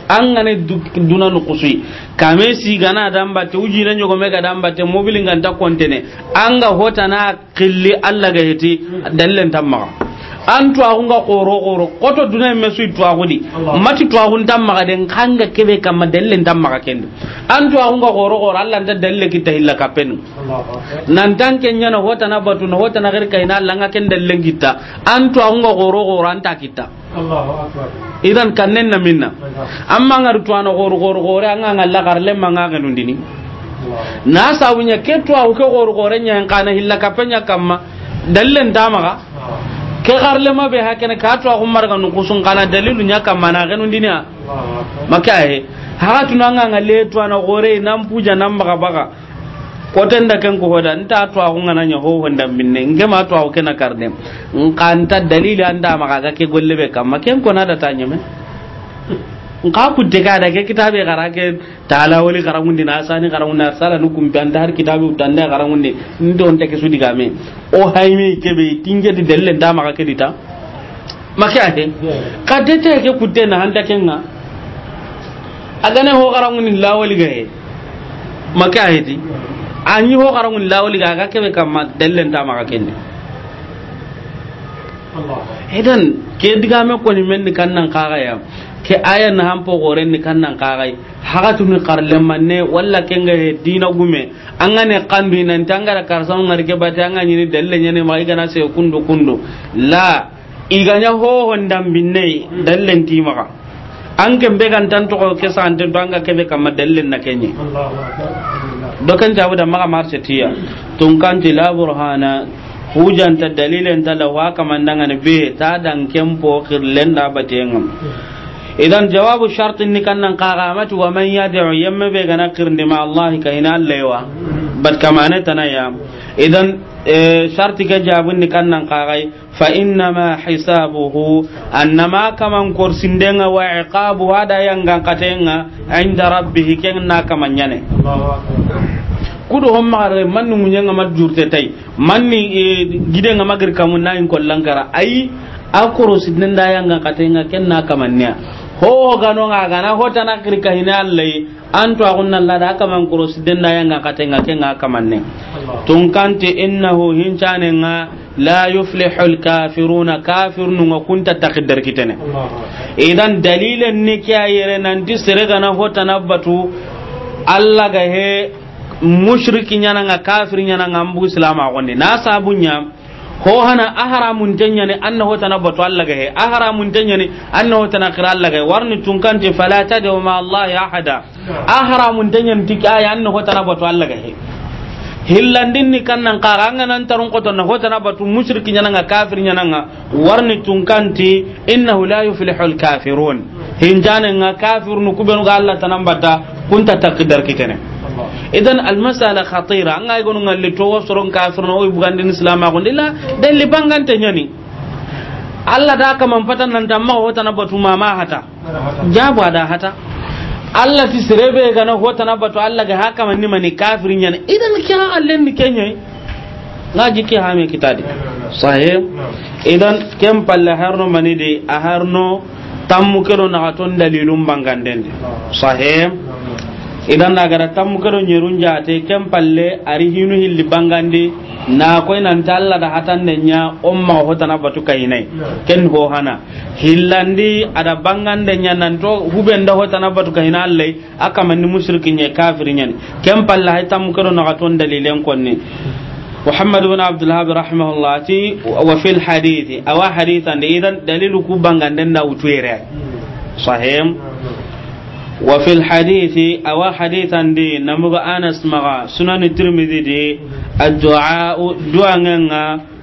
an ngane duna nu kusi kame si gana damba te uji na nyogo mega damba te mobilin ganta kontene an ga hota na qilli alla ga heti dalilen tama an twaxunga xoroxoro koto duna me sui twaxudi mati twaxun tan maxa den xanga keɓe kamma delle tan maxa kendi an twaxunga xoroxoro nta dalle kita hilla kappenu nantan keñana hotana batuna hotana xer kayina allanga ken dallen gitta an twaxunga xoroxoro anta kitta idan kannen na minna amma ngar twana xoro xoro xore anga ngalla xar lemmanga xenundini na sawuña ke twaxu ke koro xore ñaen xana hilla kappenya kamma dallen tamaxa ah. ke garle ma be hakene ka to ko marga nu kusun kana dalilu nya kam mana ganu dinya maka he ha tun an le to na gore nan puja nan baga baga ko tan da kan ko hoda nta to ko ngana nya ho honda minne nge ma to ko na karne kan ta dalili anda maga ga ke golle be kam maken ko na da tanya me nka kutte ka da ke kitabe gara ke tala wali garangundi na sani garangundi na sala nu kumbi anda dar kitabe utanda ni ndo onta ke sudi game o haime ke be tinje de delle da maka ke dita maka ate ka te ke kutte na handa nga adane ho wali ga he maka ate ani ho la wali ga ka ke be kama delle da maka Allah idan ke diga me ko ni men kan nan kaga ya ke aya na hampo goren ni kannan kagai haga tumi karle manne walla kenga he dina gume an ngane nan tangara karsan ngarke bata angani ni dalle nyane ma gana se kundu kundu la iganya ho hondam binne dalle timaka an kan be kan tan to ke san tan to an ga kebe kamma dalle na kenye dokan jawu da maka marse tiya tun kan la hujan hujanta dalilen ta da wa kamandanga ne be ta dan kempo kirlen da batengam idan jawabu shartin ni kannan qagamati wa man yad'u yamma be gana qirndi ma allah ka ina allewa bat kamane tanaya idan sharti ga jabun ni kannan qagai fa inna ma hisabuhu annama kaman korsindenga wa iqabu hada yangan katenga inda rabbih ken na kamanyane kudo hon magare manni munyanga mat jurte tay manni gidenga magir kamun na in kollankara ai akoro sidnen da yanga katenga ken na kamannya ho gano nga gana ho tana kirka hina allai an to nan la da kaman kuros den da yanga katenga kenga kamanne tun kanti innahu hinchane nga la yuflihu alkafiruna kafirun nga kunta taqdir kitene idan dalilan ne kiyayere nan di sere gana ho tana batu alla ga he mushriki nyana nga kafir nyana nga mbu islam agonde na sabunya ko hana ahara mun tanya ne anna hota na batu Allah gahe ahara mun tanya ne anna hota na kira Allah gahe warni tun kante fala ta da ma Allah ya hada ahara mun tanya ne tiki aya anna hota na batu Allah gahe hillandin ni kan nan kara an nan tarun koto na hota na batu mushriki nyana nga kafir nyana nga warni tun kante innahu la yuflihul kafirun hinjane nga kafir nu kubenu ga Allah tanan bata kunta takdar kitene idan almasala khatira an ay gonu ngalli to wasron kafir no oy bugandi islam ma gondilla dalli bangante nyani alla da ka man patan nan tamma hota na batu mama hata jabu ada hata alla ti sirebe ga na hota na batu alla ga haka man ni mani kafirin nyani idan kira allen ni kenye ngaji ke ha me kitadi sahih idan kem palle harno mani de a harno tammu kero na ton dalilum banganden sahih idan na gara tam karo nyerun jate kem palle ari hinu hilli bangandi na koy nan talla da hatan umma hota na batu kayne ken ho hana hillandi ada bangande nya nan to hota na batu kayna alle aka man mushrikin ne kafir ne kem palle hay tam karo na gaton dalilen konni محمد بن عبد الوهاب رحمه الله وفي الحديث حديثا دليل كوبان صحيح وفي الحديث أو حديثا دي نمغ أنس مغا سنن الترمذي دي الدعاء دعاء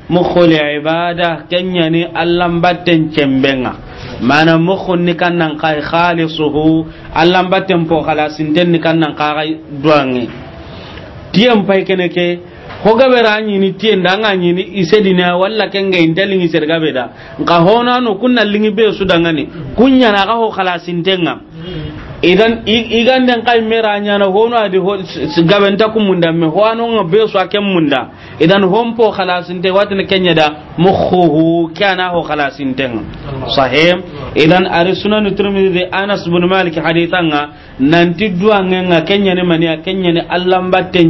مخل عبادة كن يعني ألم باتن كمبنا معنى مخل نكن نقاي خالصه ألم باتن فو خلاصنتن نكن نقاي دعاء تيام باي كنكي hoga be ranyi ni tien danga ni ni isedina walla kenga intelling ised gabe da nka hona no kunna lingi be su danga ni kunya na ga ho khalasintenga idan iganden kai mera nyana hono adi ho gabenta kumunda me hoano ngabe so munda idan hompo khalasin te watin kenya da مخه كان هو خلاص انتهى صحيح اذا ارسلنا الترمذي انس بن مالك حديثنا ننتي دوان كنيا منيا كنيا الله باتن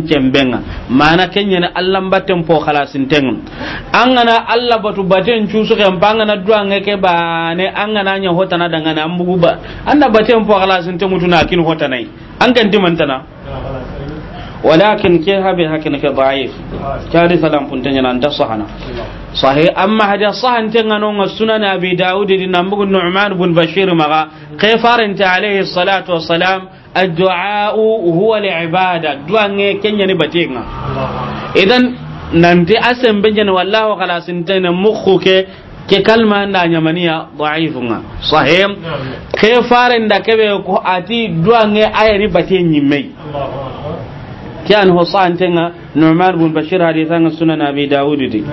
ما انا كنيا الله باتن فو خلاص انتهى انا الله باتو باتن تشوسو كان بانغنا دوان كبانه انا نيا هوتنا دغنا امبوبا ان باتن فو خلاص انتهى تناكين هوتناي ان كان تمنتنا ولكن كيها بهكنك ضعيف كارثة سلام كنت أن تصحنا sahih amma hada sahan tenga no nga sunan abi daud di nambu nu'man bin bashir maga qifaran ta alayhi salatu wassalam ad-du'a huwa li'ibada du'a nge kenya ni batenga idan nanti asem benjene wallahu khalasin tene mukhu ke ke kalma nda nyamaniya dha'ifunga sahim ke fare nda kebe ko ati duange ayri bate nyimme kyan hosan tenga nu'man bin bashir hadithan sunan abi daud di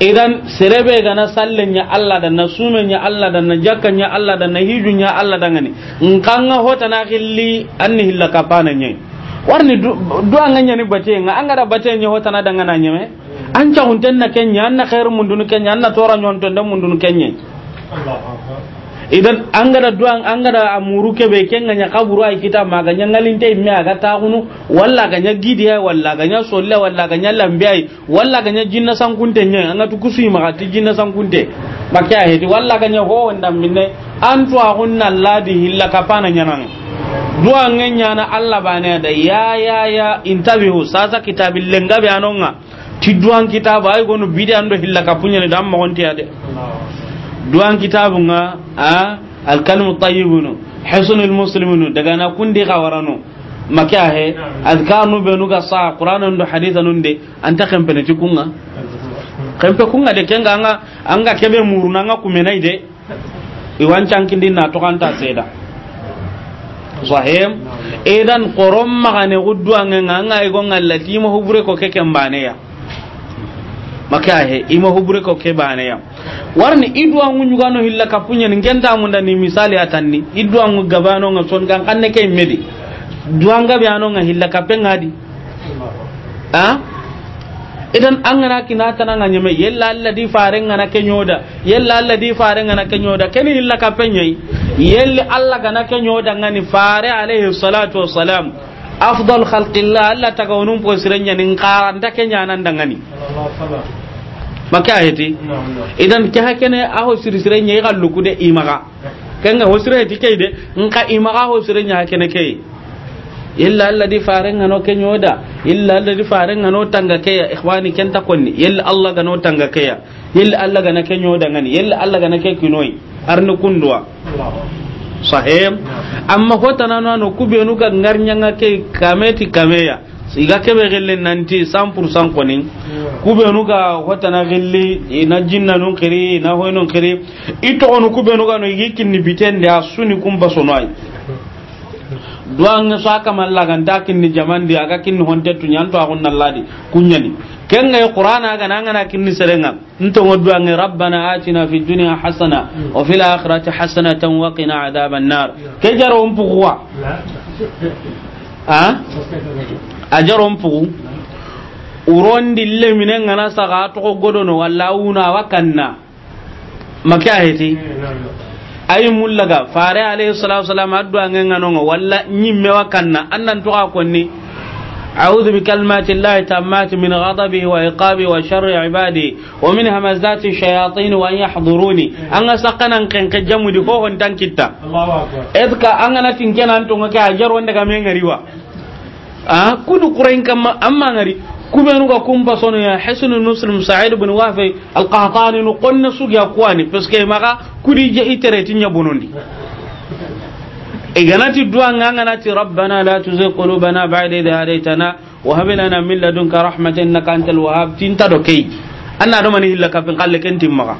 idan serebe gana sallin ya Allah da na sumen ya Allah da na jakan ya Allah da na hijun ya Allah da ngani in kan ga hota na hilli an ni hilla kapana nyi warni du an ganya ni bace nga an gara bace nyi hota na dangana nyi me an ta hunten na kenya an na khair mundun kenya an na tora nyon to da mundun kenya idan an gada duwan an gada amuru ke bai kenga nya kaburu ai kita maganya ngalinte imme aga hunu walla ganya gidi ai walla ganya solla walla ganya lambe ai walla ganya jinna sankunte nya anga ma magati jinna sankunte ai di walla ganya ho wanda minne antu ahunna ladi hilla nya nan duwa nya na Allah bane da ya ya ya intabihu sasa kitabil lenga be anonga ti duwan kitabu ai gonu bidi ando hilla kafunya ne dam mo honti duwan kitabun ga a alkalmu tayyibunu hisunul muslimunu daga na kundi kawarano maki ahe azkarnu benu ga sa qur'anun do hadithanun de anta kamfe kun kampe kunga de kenga an ga kebe muruna kuma kumenai ide iwan cankindi na sai da. sahim idan qorom magane guddu anga nga igo ngallati mo hubure ko ba ne ya he ima hubure ko ke bane ya warni idwa ngu nyugano hilla kapunya ni ngenta munda ni misali atanni idwa ngu gabano nga son kan kanne kay medi duanga biano nga hilla kapenga di ha idan an ngana kina tana nga nyame yella alla di faren ngana kenyoda yella alla di faren ngana kenyoda keni hilla ka penye yella alla gana kenyoda ngani fare alaihi salatu wassalam afdal khalqillah alla tagawnum po sirenya nin qaranda kenya nan dangani maka heti idan ke hakene a ho sirisire nya ga lukude imaga kanga ho sire ti keide nka imaga ho sire nya hakene kai illa alladhi faran ngano kenyoda illa alladhi faran ngano tanga keya ikhwani ken ta konni illa allah gano tanga keya illa allah gana kenyoda ngani illa allah gana ke kinoi arnu kundwa sahem amma hotana no kubenu ga ngarnya ngake kameti kameya iga kebe gelle nanti 100% koni kubenu ga hotana gelle ina jinna nun kiri ina hoynon kiri ito onu kubenu ga no yikin ni bitende suni kumba sonoi [LAUGHS] duwan so aka mallaga ndakin ni jamandi aga kinni honte tu nyanto agun nalladi kunyani kenga qur'ana aga nangana kinni serenga nto ngodwa ngi rabbana atina fid dunya hasana hmm. wa fil akhirati hasanatan wa qina adhaban nar kejaro umpu kuwa ha [LAUGHS] ah? ajaron pugu urondi lemine ngana saga godo no walla wakanna heti ayi mullaga fare alayhi salatu wasalam addu ngano walla nyimme wakanna annan to akonni wa بكلمات الله تامات من غضبه وعقابه وشر عباده ومن همزات الشياطين وأن يحضروني أنا سقنا كن كجمو دي men ngariwa a kunu qurain kam amma ngari kubenu ga kumpa sono ya hasan muslim sa'id ibn wafi al-qahtani no qonna sugya peske maka kudi je ti nya bonondi iganati du'a nati rabbana la tuzigh qulubana ba'da idh hadaytana wa hab lana min ladunka rahmatan innaka antal wahhab tinta do anna do mani hilaka kafin qalle kentim maka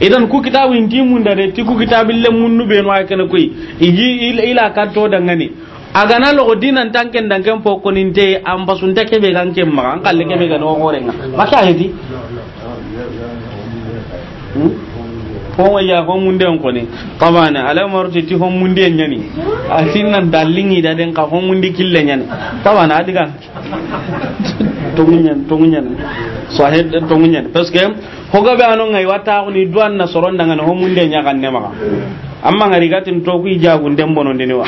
idan ku kitabu intimun da ti ku kitabille munnu be no ay kana koy igi ila ka to dangane agana logo dinan tanken danken pokkoninte an basunta keɓe gan ken ma an kalle keɓe gani ogorenga maki a heti hmm? honwa ko mun munde on ne, qabana ala marti ti mun munde nyani asin nan dallingi da den ka hon munde kille nyani tabana adiga tongunyan tongunyan sahed tongunyan parce que ga be anon ngai wata ni duan na soron daga ho munde nya kan ne ma amma ngari gatin to ku ijagun den bonon wa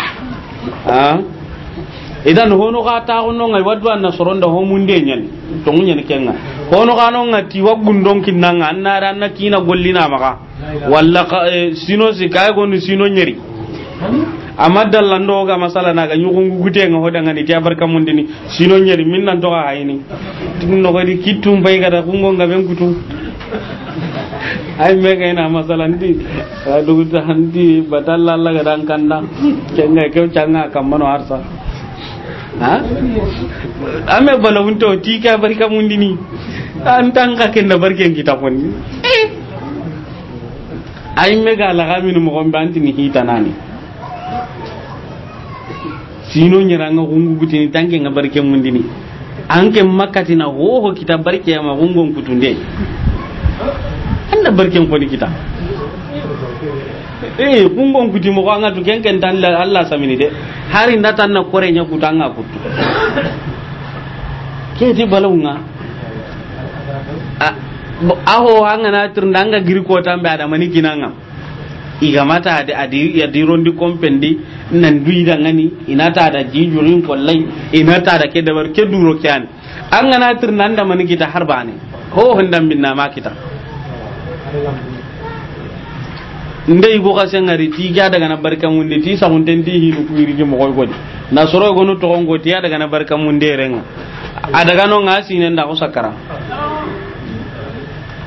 idan hono ga ta hono ngai wadu an nasoron da homu de nyen to munyen kenga hono ga non ngati wagun don kinanga an na ran na kina na maka walla eh, sino si kay gonu sino nyeri amma lando ga masala na ga nyugo gute nga hoda ngani ti abarka mundini sino nyeri min nan to ga hayni tin no ga di kitum bay ga da kungo ga ben kutum ay mega ina masalan di dugu ta handi batalla la ga dan kanda kenga ke changa kamano arsa ha ame bala hunto ti ka barka mundini an tanga kenna barken kita konni ay mega la ga min mo gombe antini hitanani sino nyiranga gungu gutini tanke nga barke mundini anke makati na hoho kita barke ma gungon kutunde barken ko nikita eh kungon kuti mo ko ngatu kenken tan la Allah samini de hari ndatan na kore nya kutanga kutu keti balunga aho hangana tirndanga giri ko tambe ada mani kinanga igamata ade adi ya dirondi kompendi nan duida ngani inata ada jijurin kollai inata ada kedabar keduro kyan angana tirnanda mani kita harbani ho hondam binna ma kita ndey go ka sengari ti ga daga na barka munde ti sa hunten ti hinu ku irige mo koy godi na soro go no to go ti daga na barka munde renga adaga no ngasi ne nda ko sakara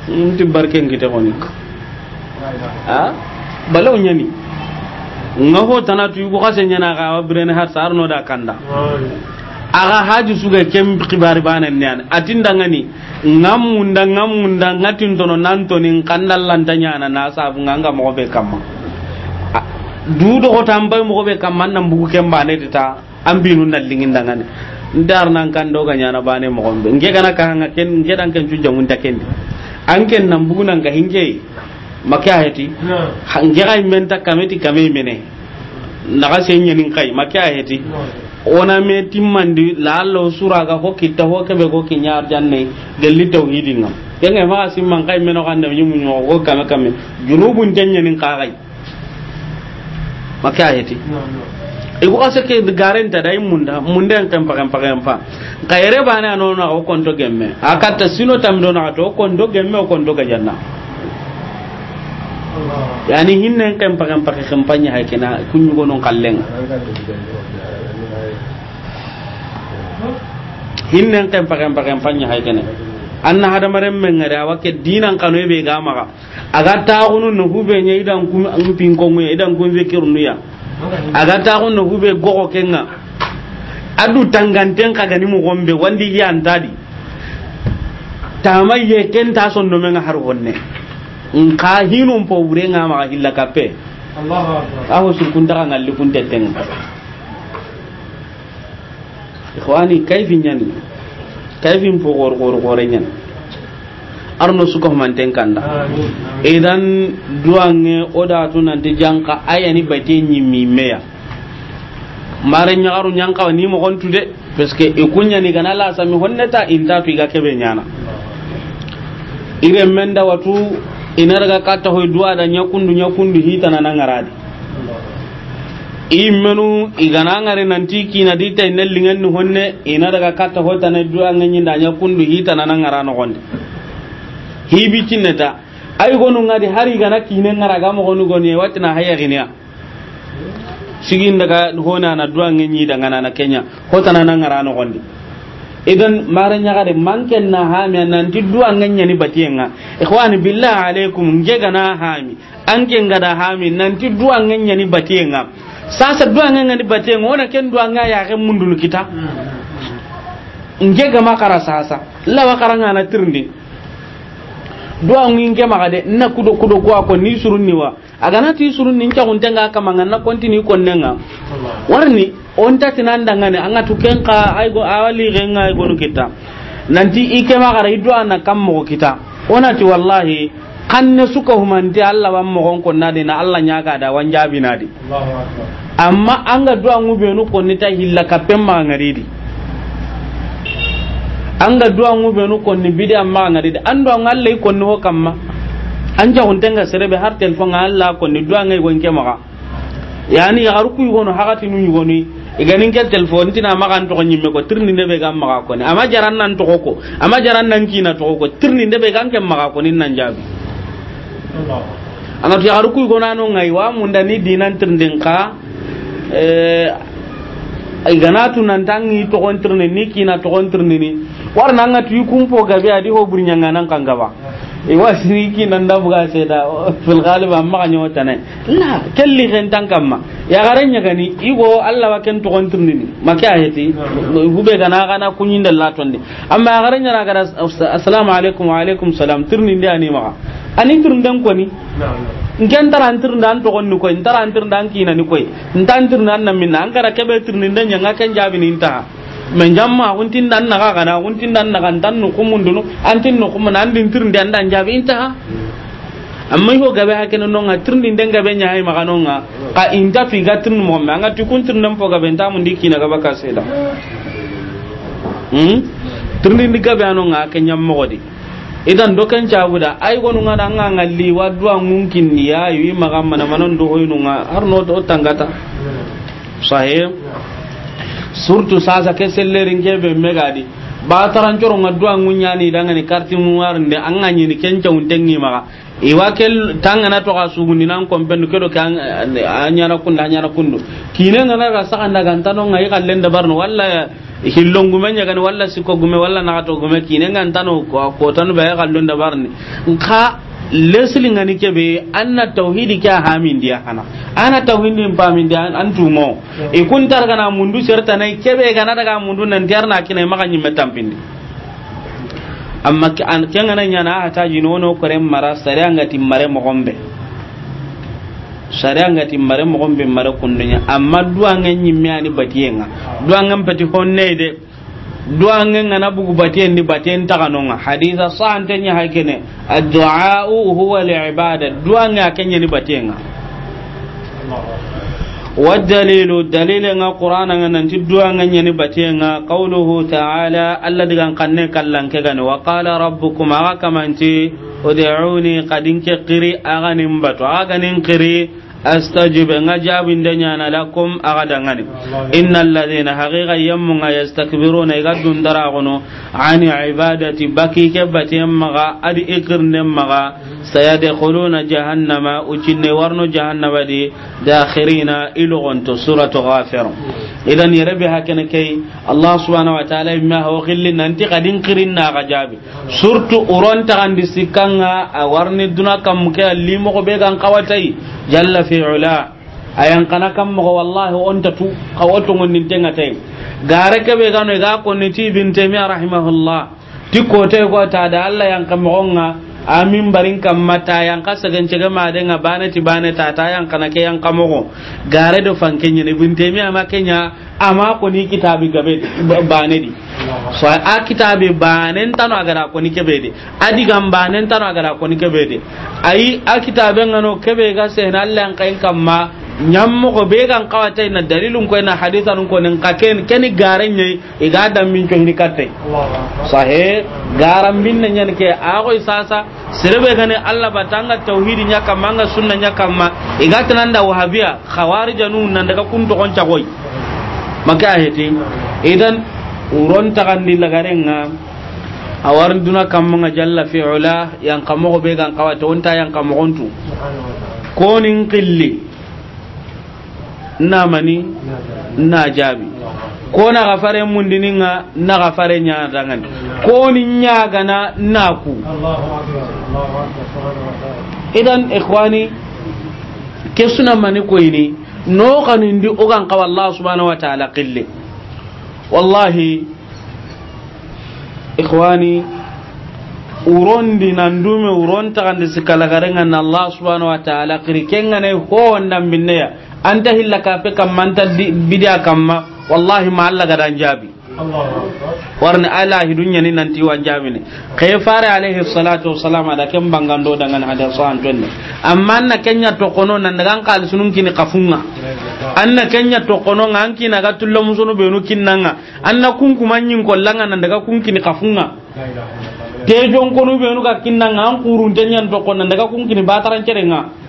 nti barke ngite ko ni ha balaw nyani ngaho tanatu go ka senyana ga brene har sarno da kanda aga haji suga kem kibari bana nyan atinda ngani ngamunda ngamunda ngatin tono nantoni kandal lantanya na nasa nganga mo be kamma du do ko tambay mo be kamma nan bugu kem bane dita ambinu nan lingin dangane ndar nan kan do ganya na bane mo gombe nge kana ka hanga ken nge dan ken jujja mun ta ken an ken nan bugu nan ga hinje makya heti nge ga men ta kameti kame mene naga sen nyenin kai makya heti ona me timmandi laallo suraga ko kitta ho keɓe ko kiñar jannayi gelli tawhidinga kenge maxa simman kay meno xanda ñimuñoxo ko kame kame junubun teñanin kaxay make a yeti igu xa seke garenta day munda munden kem paxem paxem fa xayere bane a nonaxa o konto gemme a katta sino tamidonaxa to o konto gemme o konto gajanna yani hinnen kem paxem paxe xempañaxe kena kuñugonon xallenga hinnen kan pakan pakan panya hay kene anna hada maren men ngada wake dinan kanu be ga maga aga ta gunu no hube nya idan kum ngupin ko nya idan kum be kirnu ya aga ta gunu no hube gogo kenga adu tanganten kaga ni mu gombe wandi ya antadi tamai ye ken ta son no men har wonne in ka hinum po wure nga maga hilla kape Allahu akbar aho sun kun daga ngalli kun tetenga ikhwani kayfin nyani kayfin fo gor gor gor nyani arno su ko man kanda idan duange oda nan de janka ayani bate ni mi meya mare nyaaru nyanka ni mo gontu tude parce que ikunya ni kana la sami honneta inta fi ga kebe nyana ire menda watu inarga katta hoy duada da nyakundu nyakundu hitana nangaradi immenu igana ngare nanti kina dita ina lingan ni honne ina daga katta hota na duwa ngani da nya kundu hita na ngara no gonde hibi kinne da ay gonu ngadi hari igana kine ngara ga mo gonu gonye watina haya ginya sigin daga hona na duwa ngani da ngana na Kenya hota na ngara no gonde idan mara nya gare manken na ha mi nanti duwa ngani ni batiyenga ikhwani billahi alaikum ngega na ha mi anke ngada ha mi nanti duwa ngani ni batiyenga sasa nga ngani bate ngo na ken nga ya ke mundul kita nge gama kara sasa la wa kara nga na tirndi duwa nge ma gade na kudo kudo kwa ko ni ni wa aga na ti surunni nca hunta nga ka manga na continue konne nga warni on ta tinan danga ne anga tuken ka ai go awali renga ai go kita nanti ike ma kara idwa na kam mo kita ona ti wallahi kanne suka humanti Allah wan mogon ko nadi na Allah nyaga da wan jabi nadi amma an ga duwa ngube nu ko nita hilla kapen ma di. an ga duwa ngube nu ko ni bidi amma di an do ngalle ko ni ho kamma an ja hunta ga serebe har telefon Allah ko ni duwa ngai ke maka yani har arku yugo no hakati nu yugo ni iganin ke telefon tina maka to nyimme ko tirni ne be gam maka ko ni amma jaran nan to ko amma jaran nan kina to ko tirni ne be gam ke maka ko ni nan jabi angatu yagaru kuy gonano ngai wa munda ni dinan tirndin ka eh iganatu nan tangi to gontirni ni kina to gontirni ni warna angatu yikumpo gabe adi ho burnya nganan kangaba iwa eh, siriki nan da buga sai da fil ghalib amma kan yota ne la kelli gen tan ya garan ya gani igo Allah wa ken to gontirni ni maka heti hube gana gana kunyin da laton amma ya garan ya gana assalamu alaikum wa alaikum salam tirni ndi ma maka ani anin tirnden koni nken tara antirnde an togon ni koy ntara antirnde an kiinani koy nta antirnde an na an kara keɓe tirninde ñanga ken jaabini ntaha mais jamma huntin dan naga kana huntin dan naga tan nu kumun antin no kumana andin tirnde an dan jaabi intaha amma ko gabe hakene nonga tirni den gabe nya hay maka nonga ka inta fi ga tirni mo ma tukun kun tirni po gabe nta mun diki na gaba ka seda hmm din gabe anonga kenya mo godi idan dokan cabuda ai gonu ngada ngangalli waddu mungkin ya yi magam mana manan do hoynu nga har no do tangata sahih surtout sasa ke sellerin kebe megadi ba taran coro ngaddu ngunyani dangani karti muwar nde angani ni kenca untengi maga iwa kel tangana to kasuguni nan kompen kedo kan anyana kunda anyana kundu kine na ga saka ndaga ntano ngai kallen da barno walla hillon gume nyagani walla siko gume walla nagato gume kine ngan tano ko tanu ba kallon da barni nka lesli ngani kebe anna tauhidi kya hamin dia kana ana tauhidi pa min dia antumo e kun tar kana mundu serta nai kebe kana daga mundu nan tiar na kine maganyi metampindi amma ke ngana nyana hata jino wono kore mara sare nga timmare mo gombe sare nga timmare mo gombe mara kundunya amma duwa nga nyimmi ani batienga duwa nga mpati honne de duwa nga ngana bugu batien ni batien taganonga haditha sante nya hakene ad-du'a huwa li'ibada duwa nga kenya ni batienga Allah والدليل الدليل ان القران ان تدوا ان ني باتين قوله تعالى الذي كان قن كلن كغن وقال ربكم كما انت ادعوني قد انك قري اغنم بتو اغنم قري astajib nga jabin da nyana lakum aga dangane innal ladina haqiqa yamma yastakbiruna igadun daragono ani ibadati baki ke batem maga adi ikirne maga sayadkhuluna jahannama ucinne warno jahannama di dakhirina ilugonto suratu ghafir idan yarabi hakene kai allah subhanahu wa ta'ala ma ho khilli nanti kadin qirinna ga jabi surtu uronta kan disikanga a warni duna kam ke limo ko be kan kawatai jalla fi ula ayan kana kam mo wallahi on tu ka wato ngonin tenga tay gare ke be gano ga konni ti bin temi rahimahullah ti ko te ko ta da Allah yang kam ngonga amin barin kan mata yan kasa sagan cege ma de nga bane ti bane ta ta yan kana ke yan kamogo gare do fanke nyine bun temi ama kenya ama ko ni kitabi gabe bane di so a kitabi bane tano agara ko ni kebe di adi gam bane tano agara ko ni kebe di ai a kitabe ngano kebe ga se na Allah kan kamma nyammo ko be kan kawata na dalilun ko na haditha nun ko nan kaken keni garan ne iga dan min ko hinikatte sahe garan min nan yan ke ago sasa sirbe gane Allah ba tanga tauhidi nya manga sunna nya kama iga tanan da wahabiya khawarija nun nan daga kun to konca koy maka hete idan uron tagandi nga awarin duna manga jalla fi'ula yang kamo be kan kawata wonta yang kamo kontu konin qilli na mani na jabi ko na gafare mundinin nga na gafare nya dangan ko ni nya gana ku idan ikhwani ke suna mani ini no kanin di ogan ka Allah subhanahu wa ta'ala qille wallahi ikhwani urondi nandume uronta kandi sikalagarenga garengan Allah subhanahu wa ta'ala kiri kenga ne ho ndambinne ya anta hilla kafe kam manta bidia kamma wallahi ma allah gadan jabi warni ala hidunya ni nanti jabi ne kai fara alaihi salatu wassalamu da kan bangando dangan hada sahan tonne amma na kenya to kono nan daga kal sunun kini kafunga anna kenya to kono ngan kina ga tullo musunu benu kinnanga anna kun kumanyin kollanga nan daga kun kini kafunga tejon kono benu ka ga kinnanga an kurun tenya to kono nan daga kun kini bataran cerenga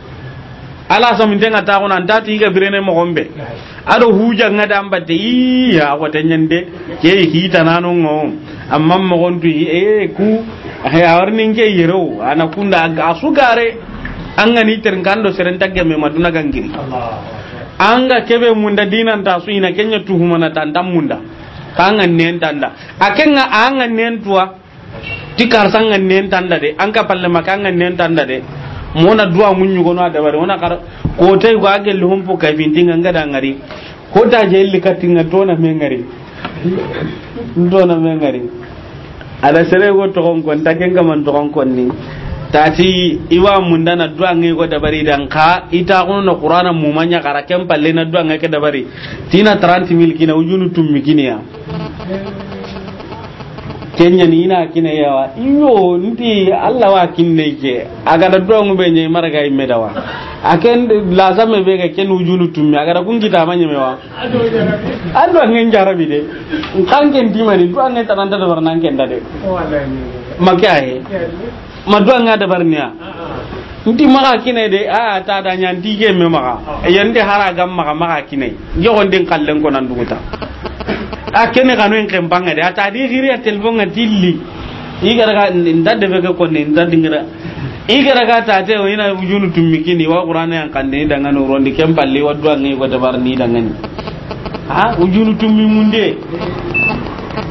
ala so min tenga ta ko nan dati ga birene mo gombe ado huja ngada ambate ya ko tanyande ke hita nanu ngo amma mo gontu e ku he awarnin ke yero ana kunda asugare an ga ni terngando serenta ma me maduna ngiri. an ga kebe munda dinan ta su ina kenya tuhuma na tanda munda Ka an nen tanda akenga an ga nen tuwa tikar sangan nen tanda de an ka palle makangan nen tanda de mona duwa mun yugo no adabari wona kar ko tay go agel hum po kay bin dinga ngada ngari ko ta je illi na tona me ngari tona me ngari ada sere go to gon kon taken ga man to gon kon ni tati iwa munda na duwa ngai go bari dan ka ita ko no qur'ana mu manya kara kem palle na duwa ngai ke bari tina 30 mil kina ujunu tum mikiniya kenya ni ina kine yawa iyo ndi allah wa kinne ke aga da dongu be nyi maraga imme dawa aken lazame be ga ken ujunu tummi aga da kun ta manye mewa allo ngin jarabi de kan ken di mari do ngen tananda da barnan ken da de makya he ma do nga da barnia nti maka kine de a ta da nyanti ke me maka yende hara gam maka maka kine yo den kallen ko nan duguta a kene kanu en kem banga de ata di giri a telefon ga tilli igara ga nda de be ko ne nda dingira igara ga ta te o ina ujunu tummikini wa qur'ana an kande da ngano rondi kem balli waddu an ngi ko da ni da ni. ha ujunu tummi munde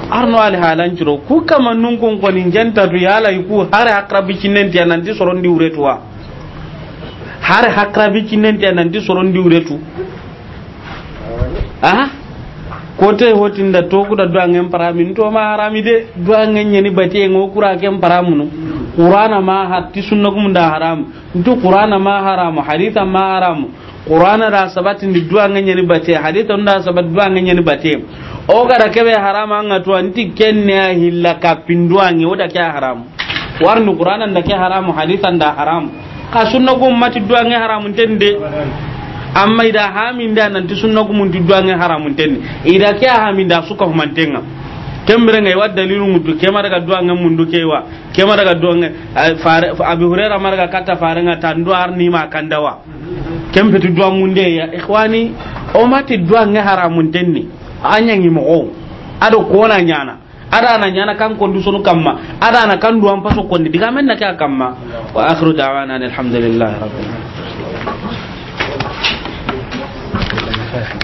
arno ali halan ciro ku kama nun kon kon janta du yala ku har akrabi cinen ti nan di soron di uretu uretuwa har akrabi cinen ti nan di soron di uretu ah kote hotinda tokuda duangen parami ma harami de duangen ñeni batie ngo kura ken paramuno qur'ana ma hatti sunna gum da haram to qur'ana ma haram haditha ma haram qur'ana da sabatin sabati ndi duangen ñeni batie haditha sabat sabati duangen ñeni batie o gara kebe haram an to anti kenne hilla kapinduange oda ke haram warnu qur'ana da ke haram haditha da haram ka sunna sunnagum mati duangen haram tende amma ida haminda nanti sunna gumunti haramun tenni ida ke hamin da suka humantenga kembere ngai wa dalilu mudu ke maraga ngam mundu wa ke maraga duange fare abi hurera maraga kata fare nga tandu arni ma kandawa kempetu duan munde ya ikhwani o mati tenni anya ngi mo ado kona nyana ada na nyana kan kondu sunu kamma ada na kan duan paso kondi diga men na ka kamma wa akhiru da'wana alhamdulillah rabbil alamin question.